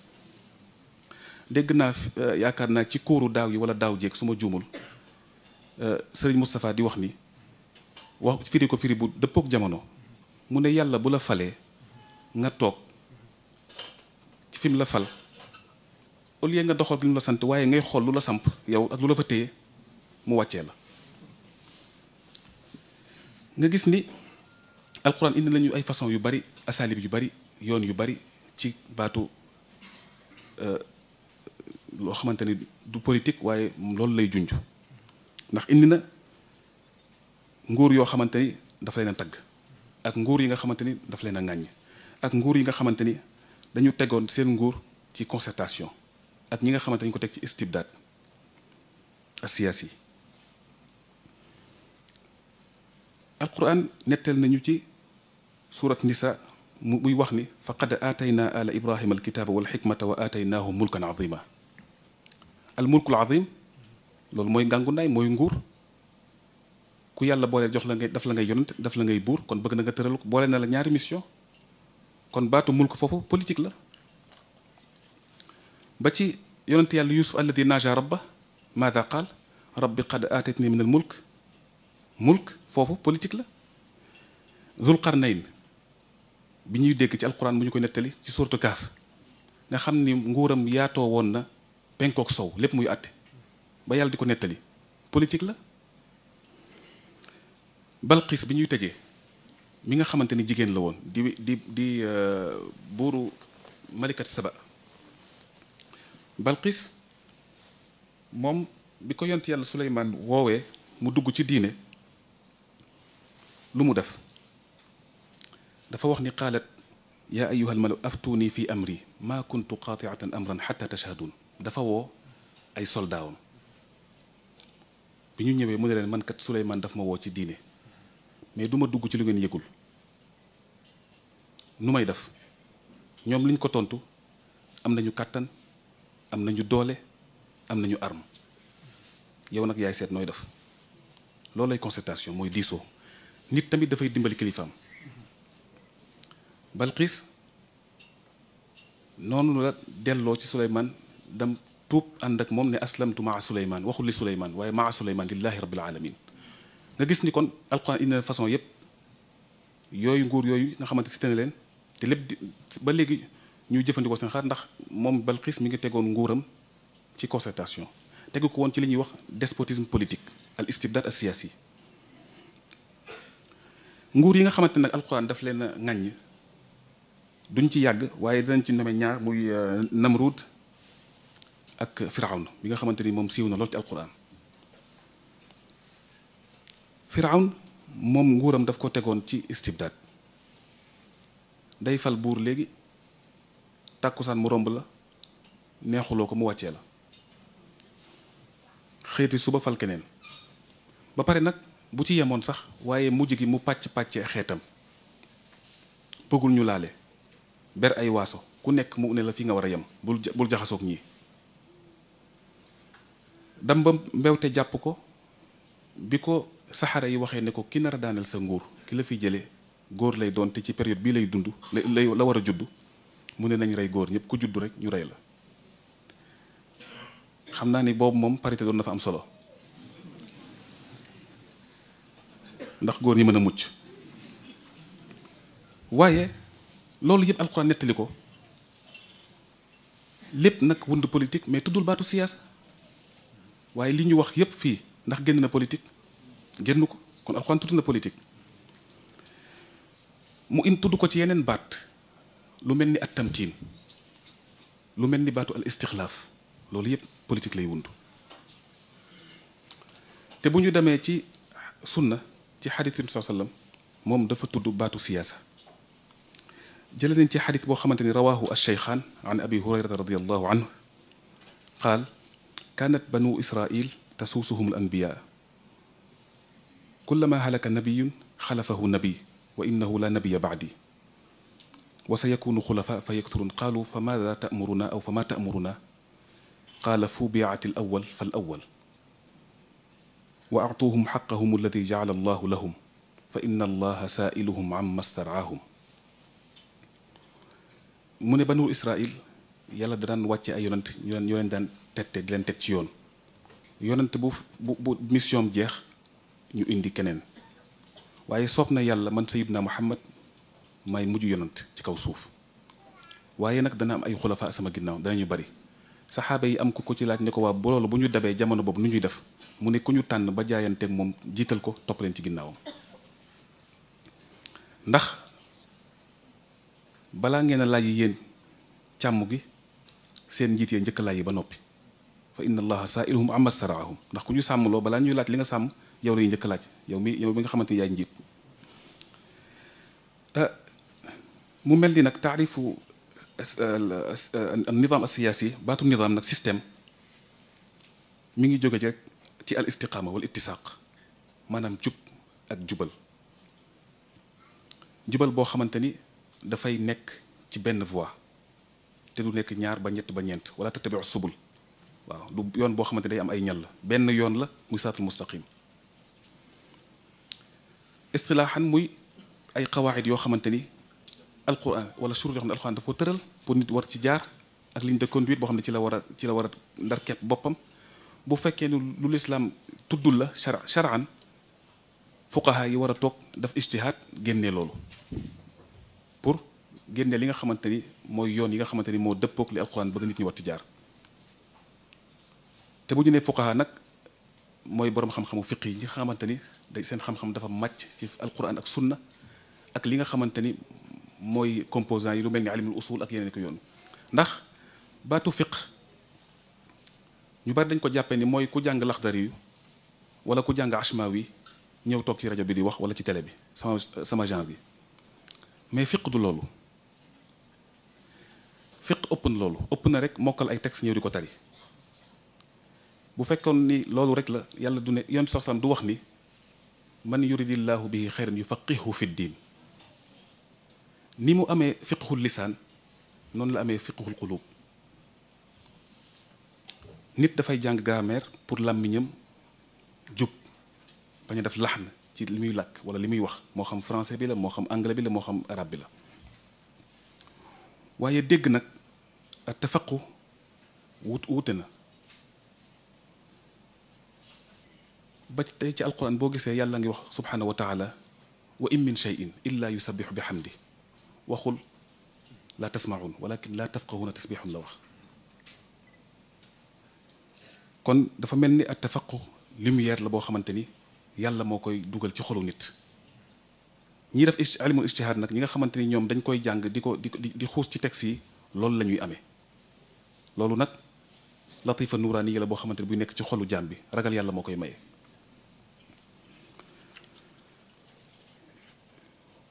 دغنا ياكارنا تي كورو داوي ولا داوجيك سوما جومول سيرن مصطفى دي وخني واخ فيريكو فيري بو دبوك جامانو mu ne yàlla bu la falee nga toog ci fi la fal au lieu nga doxal li mu la sant waaye ngay xool lu la samp yow ak lu la fa téye mu wàccee la nga gis ni alquran indi nañu ay façon yu bari asalib yu bari yoon yu bari ci baatu euh, loo xamante ni du politique waaye loolu lay junj ndax indi na nguur yoo xamante ni dafa leen tagg ak nguur yi nga xamanteni daf leena ngagn ak nguur yi nga xamanteni dañu tegoon seen nguur ci concertation ak ñi nga xamanteni ko teg ci istibdad ak siyasi yi alquran netteel nañu ci surat nisa mu buy wax ni faqad aatayna ala ibrahima alkitaba walxikmata wa aataynahu mulkan azima al mulku al azim loolu mooy ngàngu naay mooy nguur ku yàlla boole jox la ngay daf la ngay yonent daf la ngay buur kon bëgg na nga tëral ko boole na la ñaari mission kon baatu mulk foofu politique la ba ci yonent yàlla yusuf alladi naja rabba maada qaal rabbi qad aatatni min al mulk mulk foofu politique la dhul qarnayn bi ñuy dégg ci alquran bu ñu ko nettali ci suuratu kaaf nga xam ni nguuram yaatoo woon na penkook sow lépp muy àtte ba yàlla di ko nettali politique la بلقيس بن يوتاجي ميغا خامتاني جيجين لون دي دي دي بورو ملكة سبا بلقيس موم بيكو يونت يالا سليمان ووي مو دوغو سي دينه لومو داف دافا واخني قالت يا ايها الملك افتوني في امري ما كنت قاطعه امرا حتى تشهدون دافا و اي سولداون بي نيو نيوي مودلن مان كات سليمان داف ما وو سي دينه mais du ma dugg ci lu ngeen yëgul nu may def ñoom liñ ko tontu am nañu kàttan am na ñu doole am nañu arme yow nag yaay seet nooy def loolu lay concertation mooy diisoo nit tamit dafay dimbali kilifaam Balqis noonu la delloo ci Souleymane dem tuub ànd ak moom ne aslamtu maa Souleymane waxul li Souleymane waaye maa Souleymane lillahi rabbil alamin nga gis ni kon alxuraan indi na façon yëpp yooyu nguur yooyu nga xamante si tene leen te lépp ba léegi ñuy jëfandikoo seen xalaat ndax moom Balxiis mi ngi tegoon nguuram ci concertation tegu ko woon ci li ñuy wax despotisme politique al istibdad as siyaasi nguur yi nga xamante nag alxuraan daf leen a ŋàññ duñ ci yàgg waaye dinañ ci nome ñaar muy euh, Namrud ak Firawna bi nga xamante ni moom siiw na lool ci alxuraan firawn moom nguuram daf ko tegoon ci istibdaad day fal buur léegi tàkkusaan mu romb la neexuloo ko mu wàccee la xeeti suba fal keneen ba pare nag bu ci yemoon sax waaye mujj gi mu pàcc pàccee xeetam bëggul ñu laale ber ay waaso ku nekk mu ne la fi nga war a yem bul bul jaxasoog ñii dam ba mbewte jàpp ko bi ko saxaara yi waxee ne ko ki nar a daaneel sa nguur ki la fi jëlee góor lay doon ci période bii lay dund lay la war a judd mu ne nañ rey góor ñëpp ku judd rek ñu rey la xam naa ni boobu moom parité doon na fa am solo ndax góor ñi mën a mucc waaye loolu yëpp alxuraan nettali ko lépp nag wund politique mais tuddul baatu siyaasa waaye li ñu wax yëpp fii ndax génn na politique génn ko kon alxuraan tudd na politique mu in tudd ko ci yeneen baat lu mel ni at tamkiin lu mel ni baatu al istixlaaf loolu yëpp politique lay wund te bu ñu demee ci sunna ci xadit bi saa sallam moom dafa tudd baatu siyaasa jële nañ ci xadit boo xamante ni rawaahu alcheykhaan an abi hurayrata radiallahu anhu qaal kaanat banu israil tasuusuhum al anbiyaa كلما هلك نبي خلفه نبي وإنه لا نبي بعدي وسيكون خلفاء فيكثرون قالوا فماذا تأمرنا أو فما تأمرنا قال فوبعت الأول فالأول وأعطوهم حقهم الذي جعل الله لهم فإن الله سائلهم عما استرعاهم من بنو اسرائيل يلا دران واتي اي wàcce ay yonent ñu leen daan tette di leen ñu indi keneen waaye soob na man muhammad may mujj yonant ci kaw suuf waaye nag dana am ay xulafa sama ginnaaw danañu bari saxaaba yi am ku ko ci laaj ne ko waa bu loolu bu ñu dabee jamono boobu nu ñuy def mu ne ku ñu tànn ba jaayanteeg moom jiital ko topp leen ci ginnaawam ndax balaa ngeen laaj yéen càmm gi seen njiit yee ya njëkk laaj ba noppi fa inna allaha saailuhum amma saraahum ndax ku ñu balaa ñuy laaj li nga sàmm yow la njëkk laaj yow mi yow mi nga xamante ni yaay njiit euh, mu mel ni nag taarifu euh, nidaam baatu nidaam nag système mi ngi jóge ci rek ci al istiqaama wala ittisaaq maanaam jub ak jubal jubal boo xamante ni dafay nekk ci benn voie te du nekk ñaar ba ñett ba ñeent wala tattabiu subul waaw du yoon boo xamante day am ay ñal la benn yoon la muy saatul mustaqim istilaaxan muy ay qawaacid yoo xamante ni alquran wala sur yoo xam ne alquran daf ko tëral pour nit war ci jaar ak ligne de conduite boo xam ne ci la war a ci la war a ndar kepp boppam bu fekkee ni lu lislaam tuddul la chara charan fuqaha yi war a toog daf ijtihaad génnee loolu pour génnee li nga xamante ni mooy yoon yi nga xamante ni moo dëppook li alquran bëgg nit ñi war ci jaar te bu ñu nee fuqaha nag moy borom xam-xamu fiqi yi xamanteni day seen xam-xam dafa màcc ci alquran ak sunna ak li nga xamanteni moy composant yi lu melni alim alimul usul ak yeneen ko yoon ndax batu fiq ñu bari dañ ko jappé ni moy ku jàng lakhdari wala ku jàng ashmawi ñëw tok ci radio bi di wax wala ci télé bi sama sama genre bi mais fiq du lolu fiq ëpp na loolu ëpp na rek mokal ay texte ñëw di ko tari bu fekkon ni loolu rek la yàlla dune ne sosam du wax ni man yuridillahu bihi khairan yufaqihu fi diin nimu amé amee fiqhul lisaan noonu la amé fiqhul qulub nit da fay jàng grammaire pour làmmiñam djub bañ def lahn ci limuy lak wala limuy wax mo xam français bi la mo xam anglais bi la mo xam arab bi la waye deg nak at tafaqu wut wuute باتي تي القران بو غيسه يالا نغي واخ سبحانه وتعالى وان من شيء الا يسبح بحمده وخل لا تسمعون ولكن لا تفقهون تسبيحهم لو كون دا فا ملني التفقه لومير لا بو خمانتني يالا موكاي دوغال سي خولو نيت ني داف علم الاجتهاد نك نيغا خمانتني نيوم دنج كوي جانغ ديكو دي خوس سي تيكسي لول لا نيوي امي لولو نك لطيفه نورانيه لا بو خمانتني بو نيك سي خولو جامبي رغال يالا موكاي مايي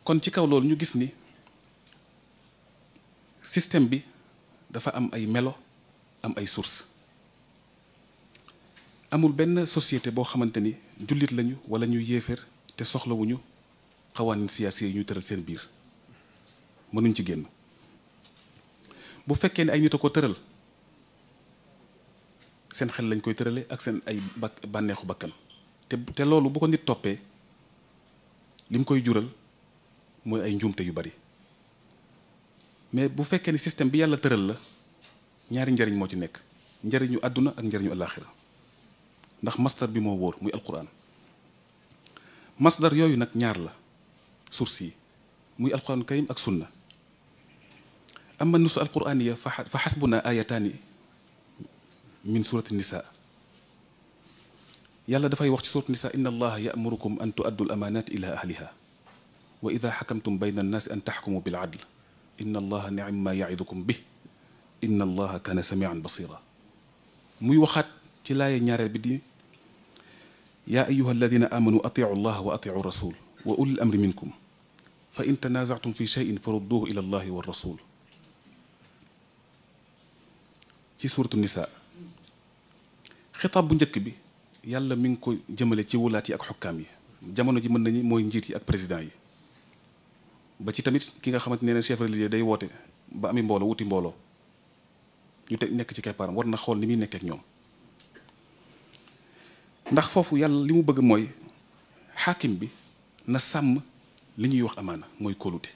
kon ci kaw lolou ñu gis ni système bi dafa am ay melo am ay source amul ben société boh xamanteni ni lañu wala ñu yéfer té soxla wuñu siyaasi siyasi ñu teural seen biir mënuñ ci genn bu fekké ne ay nit ko teural seen xel lañ koy ak seen ay bànneexu bakkan té te lolou bu ko nit topé lim koy jural moy ay njumte yu bari mais bu fekkee ni système bi yàlla tëral la ñaari njariñ moo ci nekk njariñu àdduna ak njariñu alaaxira ndax masdar bi moo wóor muy alquran masdar yooyu nag ñaar la source yi muy alquran karim ak sunna ama nusu alquraniya fa xasbuna ayataani min surati nisa yàlla dafay wax ci surati nisa inna allaha yamurukum an tuaddu al amanat ila ahliha وإذا حكمتم بين الناس أن تحكموا بالعدل إن الله نعم ما يعظكم به إن الله كان سميعا بصيرا موي وخات تي بدي يا أيها الذين آمنوا أطيعوا الله وأطيعوا الرسول وأولي الأمر منكم فإن تنازعتم في شيء فردوه إلى الله والرسول في سورة النساء خطاب بنجك بي يالا منكو جملة تي ولاتي أك حكامي جمانو جي مناني موي نجيتي أك بريزيدان ba ci tamit ki nga xamante ne chef religieux day woote ba ami mbooloo wuti mbooloo ñu te nekk ci keppaaram war na xool ni muy nekkee ak ñoom ndax foofu yàlla li mu bëgg mooy xaakim bi na sàmm li ñuy wax amaana mooy kóolute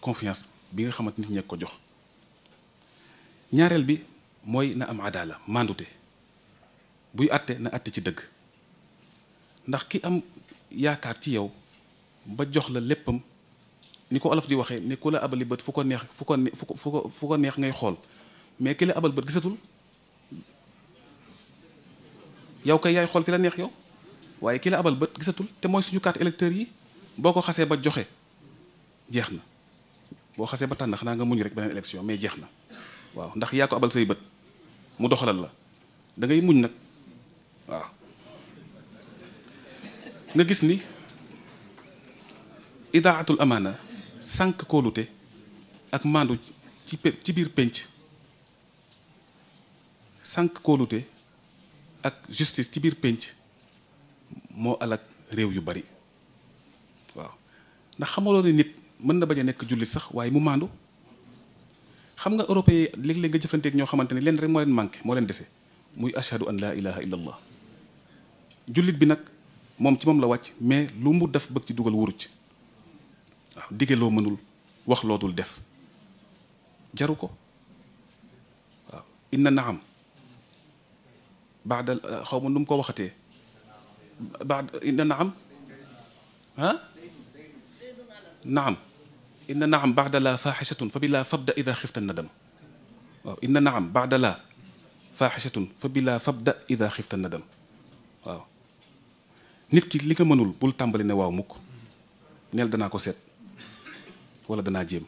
confiance bi nga xamante nit ñi ko jox ñaareel bi mooy na am adaala mandute buy àtte na àtte ci dëgg ndax ki am yaakaar ci yow ba jox la léppam ni ko olof di waxe ne ku la abali bët fu neex fuko fuko fuko neex ngay xol mais ki la abal beut gisatul yow kay yay xol fi la neex yow waye ki la abal beut gisatul te moy suñu carte électeur yi boko xasse ba joxe jeexna bo xasse ba tan xana nga muñ rek benen élection mais jeexna waaw ndax ya ko abal sey beut mu doxalal la da ngay muñ nak waaw nga gis ni. إذا الأمانة سانك كولوتي أك ماندو تي بير بنت سانك كولوتي أك جستيس تي بير بنت مو ألاك ريو يو باري واو نا خمولو ني نيت من نبا جانيك جولي سخ واي مو ماندو خم نغا أوروبي لك لك جفن تيك نيو خمان تني لين ريم مولين مانك مولين ديسي موي أشهد أن لا إله إلا الله جوليت بي نك موم تي موم لا واتي مي لومبو داف بك تي دوغال ورتي waaw dige loo mënul wax loo dul def jaru ko waaw inna naam baada xaw ma nu mu ko waxatee baada inna naam ah naam inna naam baada laa faaxisatun fa bi laa fabda ida xifta nadam waaw inna naam baada laa faaxisatun fa bi laa fabda ida xifta nadam waaw nit ki li nga mënul bul tàmbali ne waaw mukk neel danaa ko seet ولا دنا جيم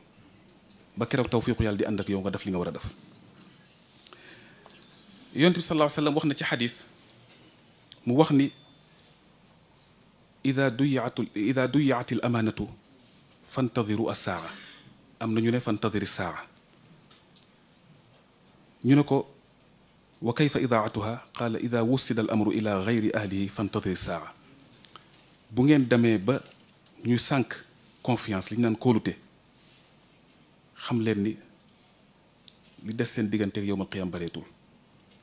بكرة توفيق يالدي دي عندك يوم غدف لينا ورا دف يوم صلى الله عليه وسلم وخنا تي حديث مو وخني إذا ضيعت إذا ضيعت الأمانة فانتظروا الساعة أم نيوني فانتظر الساعة نيونكو وكيف إذاعتها قال إذا وسد الأمر إلى غير أهله فانتظر الساعة بونين دامي با ني سانك كونفيانس لي نان كولوتي xam leen ni li des seen digganteeg yow ma xiyam bareetul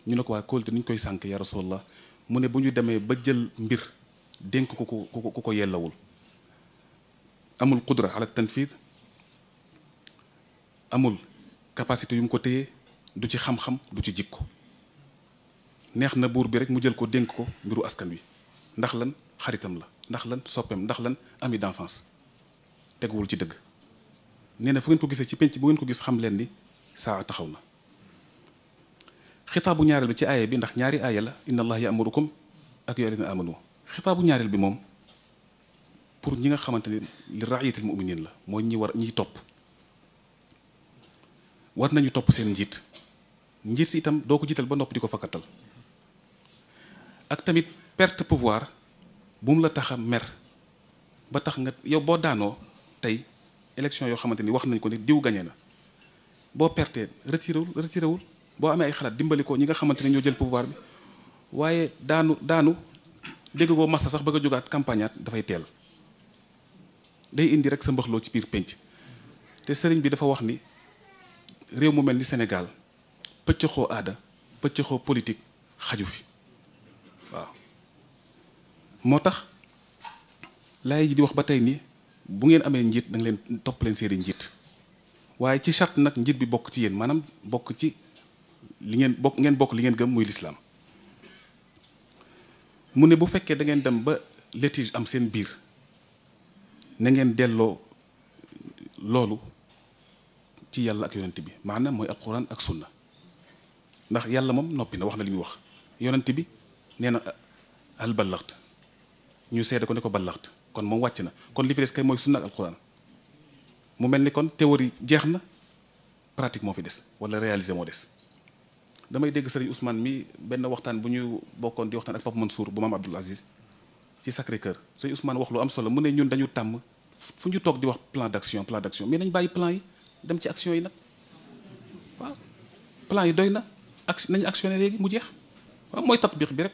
ñu ne ko waa kóolute ni ñu koy sànk ya rasulallah mu ne bu ñu demee ba jël mbir dénk ko ko ku ko yellawul amul qudra ala tanfir amul capacité yu mu ko téye du ci xam-xam du ci jikko neex na buur bi rek mu jël ko dénk ko mbiru askan wi ndax lan xaritam la ndax lan soppeem ndax lan ami d'enfance teguwul ci dëgg nee na fu ngeen ko gisee ci penc bu ngeen ko gis xam leen ni saa taxaw na xitaabu ñaareel bi ci aaya bi ndax ñaari aaya la inna allah ya'murukum ak yaa leen amanu xitaabu ñaareel bi moom pour ñi nga xamante ni li raayatil muminin la mooy ñi war ñiy topp war nañu topp seen njiit njiit si itam doo ko jiital ba nopp di ko fakkatal ak tamit perte pouvoir bu mu la tax a mer ba tax nga yow boo daanoo tey élection yoo xamante ni wax nañ ko ne diw gañe na boo pertee retiré wul boo amee ay xalaat dimbali ko ñi nga xamante ne ñoo jël pouvoir bi waaye daanu daanu dégg koo massa sax bëgg a jógaat campagneat dafay teel day indi rek sa mbaxloo ci biir pénc te sëriñ bi dafa wax ni réew mu mel ni Sénégal pëccëxoo aada pëccëxoo politik xaju fi waaw moo tax laay ji di wax ba tey nii bu ngeen amee njiit da nga leen topp leen seeni njiit waaye ci charte nag njiit bi bokk ci yéen maanaam bokk ci li ngeen bokk ngeen bokk li ngeen gëm muy lislaam mu ne bu fekkee da ngeen dem ba litige am seen biir na ngeen delloo loolu ci yàlla ak yonent bi maanaam mooy alquran ak sunna ndax yàlla moom noppi na wax na li muy wax yonent bi nee na al ballaxt ñu seede ko ne ko ballaxt kon moom wàcc na kon li fi des kay mooy sunna ak alquran mu melni kon théorie jeex pratique mo fi dess wala réaliser mo dess damay dégg sëriñ Ousmane mi ben waxtaan bu ñu bokkoon di waxtaan ak papa Mansour bu maam Abdoul Aziz ci Sacré Cœur sëriñ Ousmane wax lu am solo mu ne ñun dañu tam fu ñu toog di wax plan d'action plan d'action mais nañ bàyyi plan yi dem ci action yi nag waaw plan yi doyna na action nañu actionné léegi mu jeex waaw mooy tatbiq bi rek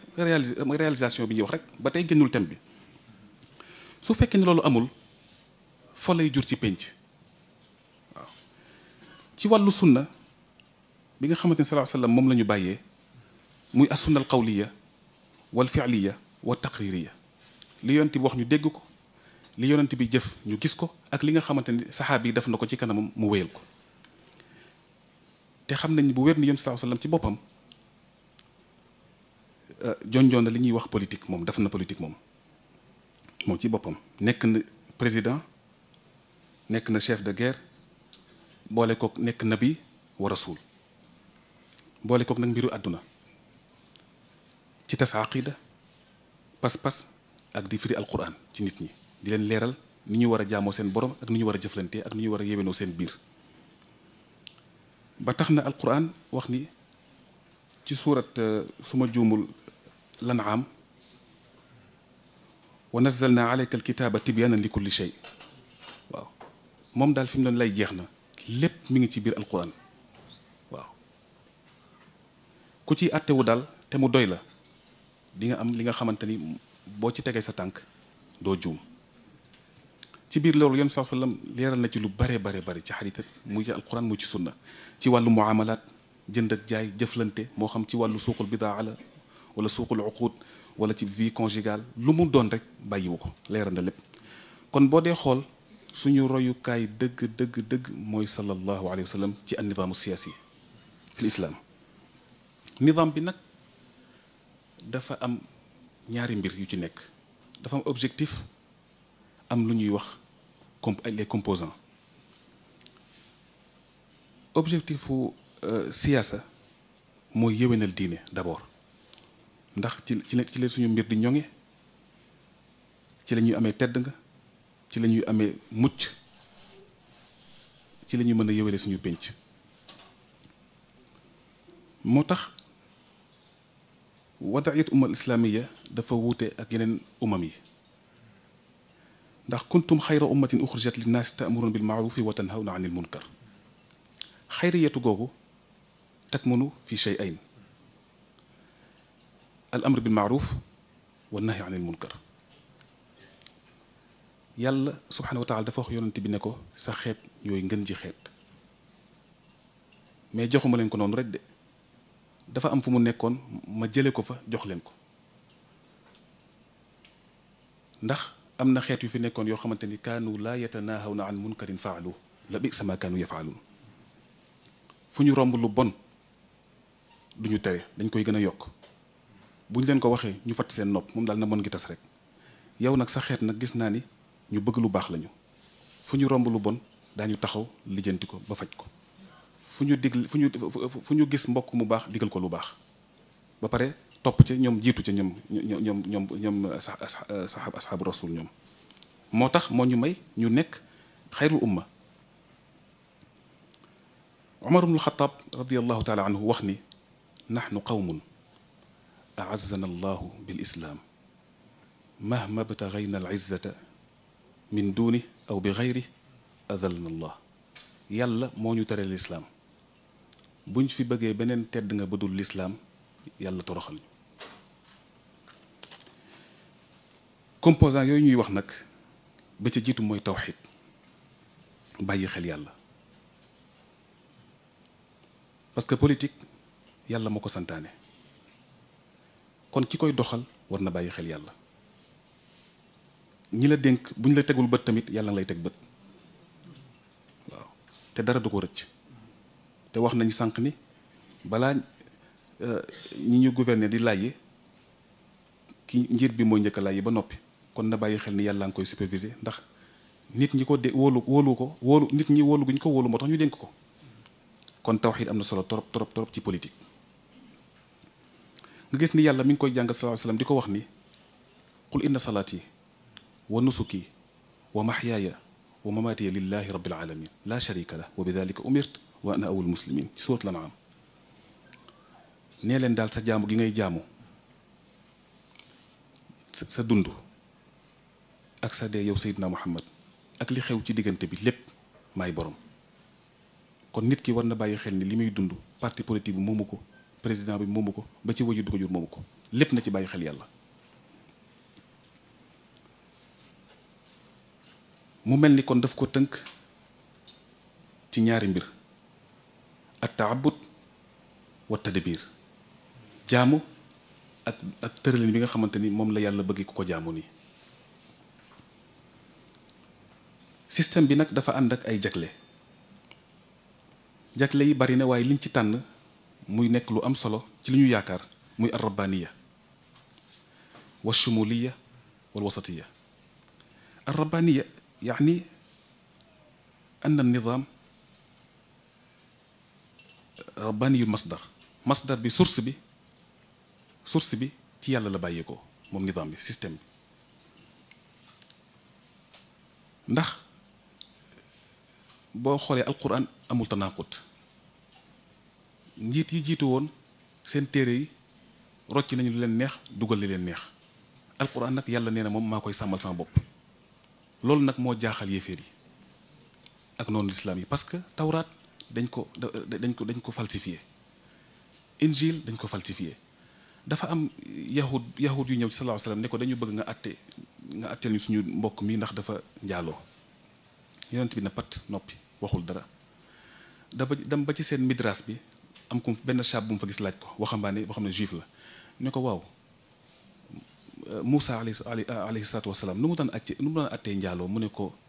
réalisation bi ñu wax rek ba tay gënul thème bi su fekkee ne loolu amul fo lay jur ci pénc waaw ci wàllu sunna bi nga xamante ne sallallahu sallam moom la ñu bàyyee muy assunna al qawliya wal fi'liya wa taqririya li yonent bi wax ñu dégg ko li yonent bi jëf ñu gis ko ak li nga xamante ni saxaab yi def na ko ci kanamam mu wéyal ko te xam nañ bu wér ni yonent sallallahu sallam ci boppam jonjoon na li ñuy wax politique moom def na politique moom moom ci boppam nek na président nek na chef de guerre bolé kook nek nabi wa rasul bolé kook nak mbiru aduna ci tas aqida pas-pas ak di firi alquran ci nit ñi di len leral ni ñu wara jamo sen borom ak ni ñu wara jëflante ak ni ñu wara yébeno sen bir ba taxna alquran wax ni ci sourate suma juumul lanaam ونزلنا عليك الكتاب تبيانا لكل شيء واو موم دال فيم لاي جيخنا لب ميغي تي بير القران واو كوتي اتي و دال تي مو دوي لا ديغا ام ليغا خامتاني بو تي تيغي سا تانك دو جوم تي بير لول يونس صلى الله عليه وسلم ليرال نتي لو بري بري بري تي حديث مو تي القران مو تي سنه تي والو معاملات جندك جاي جفلنتي مو خام تي والو سوق البضاعه ولا سوق العقود ولا تي في كونجيغال لومو دون ريك بايوكو ليراندا ليب كون بودي خول سونو رويو كاي دغ دغ دغ موي صلى الله عليه وسلم تي النظام السياسي في الاسلام نظام بي نك دافا ام نياري مبير يو تي نيك دافا ام اوبجيكتيف ام لو نيي واخ كوم لي كومبوزان اوبجيكتيفو سياسه موي يوينال دينه دابور ndax ci ci la ci la suñu mbir di ñoŋe ci la ñuy amee tedd nga ci la ñuy amee mucc ci la ñuy mën a yëwale suñu pénc moo tax wadaayat umal islaamiya dafa wuute ak yeneen umam yi ndax kuntum xayra ummatin uxrijat linnaasi taamuruuna bil maarufi wa tanhawna anil munkar xayriyatu googu takmunu fi shay'ayn الامر بالمعروف والنهي عن المنكر يلا سبحانه وتعالى دافو يونت بي نيكو سا خيت يوي نغن خيت مي جوخوما لنكو نون رك دي دافا ام فومو نيكون ما جيلي كو فا جوخ لنكو ندخ امنا خيت يو في نيكون يو خامتاني كانوا لا يتناهون عن منكر فعلوا لبئس ما كانوا يفعلون فونو رومب لو بون دونو تري دنجكوي غنا يوك buñ leen ko waxee ñu fatt seen nopp moom daal na mon ngi tas rek yow nag sa xeet nag gis naa ni ñu bëgg lu baax lañu fu ñu romb lu bon daañu taxaw lijjanti ko ba faj ko fu ñu dig fu ñu fu ñu gis mbokk mu baax digal ko lu baax ba pare topp ca ñoom jiitu ca ñoom ñoom ñoom ñoom saxaab asxaabu rasul ñoom moo tax moo ñu may ñu nekk xayrul umma umar al-khattab radiyallahu taala anhu wax ni naxnu qawmun أعزنا الله بالإسلام مهما ابتغينا العزة من دونه أو بغيره أذلنا الله يلا مونيو ترى الإسلام بنج في بغي بنين تدنا بدو الإسلام يلا ترخل كومبوزان يوني وحنك بيتي جيتو موي توحيد باي خل يلا باسكو بوليتيك يلا موكو سانتاني kon ki koy doxal war na bayyi xel yalla ñi la denk buñ la tegul bëtt tamit yalla nga lay teg bëtt waaw te dara du ko rëcc té wax nañu sank ni bala euh, ñi ñu gouverner di layé ki njir bi mo ñëk layé ba noppi kon na bayyi xel ni yalla nga koy superviser ndax nit ñi ko de wolu ko wolu nit ñi wolu guñ ko wolu moo tax ñu denk ko kon tawhid am solo torop torop torop ci politique. gis ni yàlla mi ngi koy jang sallallahu alayhi wasallam diko wax ni qul inna salati wa nusuki wa mahyaya wa mamati lillahi rabbil alamin la sharika lah wa bidhalika umirt wa ana awwal muslimin ci surat lanam nee leen dal sa jamu gi ngay jamu sa dundu ak sa de yow Seydina Muhammad ak li xew ci diggante bi lépp may borom kon nit ki war na bàyyi xel ni limay dundu parti politique bi moomu président bi moomu ko ba ci wajur du ko jur moomu ko lépp na ci bàyyi xel yàlla mu mel ni kon daf ko tënk ci ñaari mbir ak taabut wa biir jaamu ak ak tëralin bi nga xamante ni moom la yàlla bëgg ku ko jaamu nii système bi nag dafa ànd ak ay jagle jagle yi bari na waaye liñ ci tànn muy nekk lu am solo ci li ñu yaakaar muy arrabbaaniya wa shumuliya wal wasatiya الربانية يعني أن النظام رباني المصدر مصدر بي سورس بي سورس بي تي يالا لا باييكو موم نظام بي bi بي ndax bo xolé alquran amul tanaqut njiit yi jiitu woon seen téere yi rocc nañu lu leen neex dugal li leen neex alquran nag yàlla nee na moom maa koy sàmmal sama bopp loolu nag moo jaaxal yéeféer yi ak noonu lislaam yi parce que tawraat dañ ko dañ ko dañ ko falsifié injil dañ ko falsifié dafa am yahud yahud yu ñëw ci sallallahu alayhi ne ko dañu bëgg nga àtte nga àtteel ñu suñu mbokk mi ndax dafa njaaloo yonent bi na pat noppi waxul dara daba dem ba ci seen midras bi am ku benn chab bu mu fa gis laaj ko waxambaane boo xam ne juif la ne ko waaw Moussa alayhi alayhi salaatu wasalaam nu mu daan àtte nu mu daan àttee njaaloo mu ne ko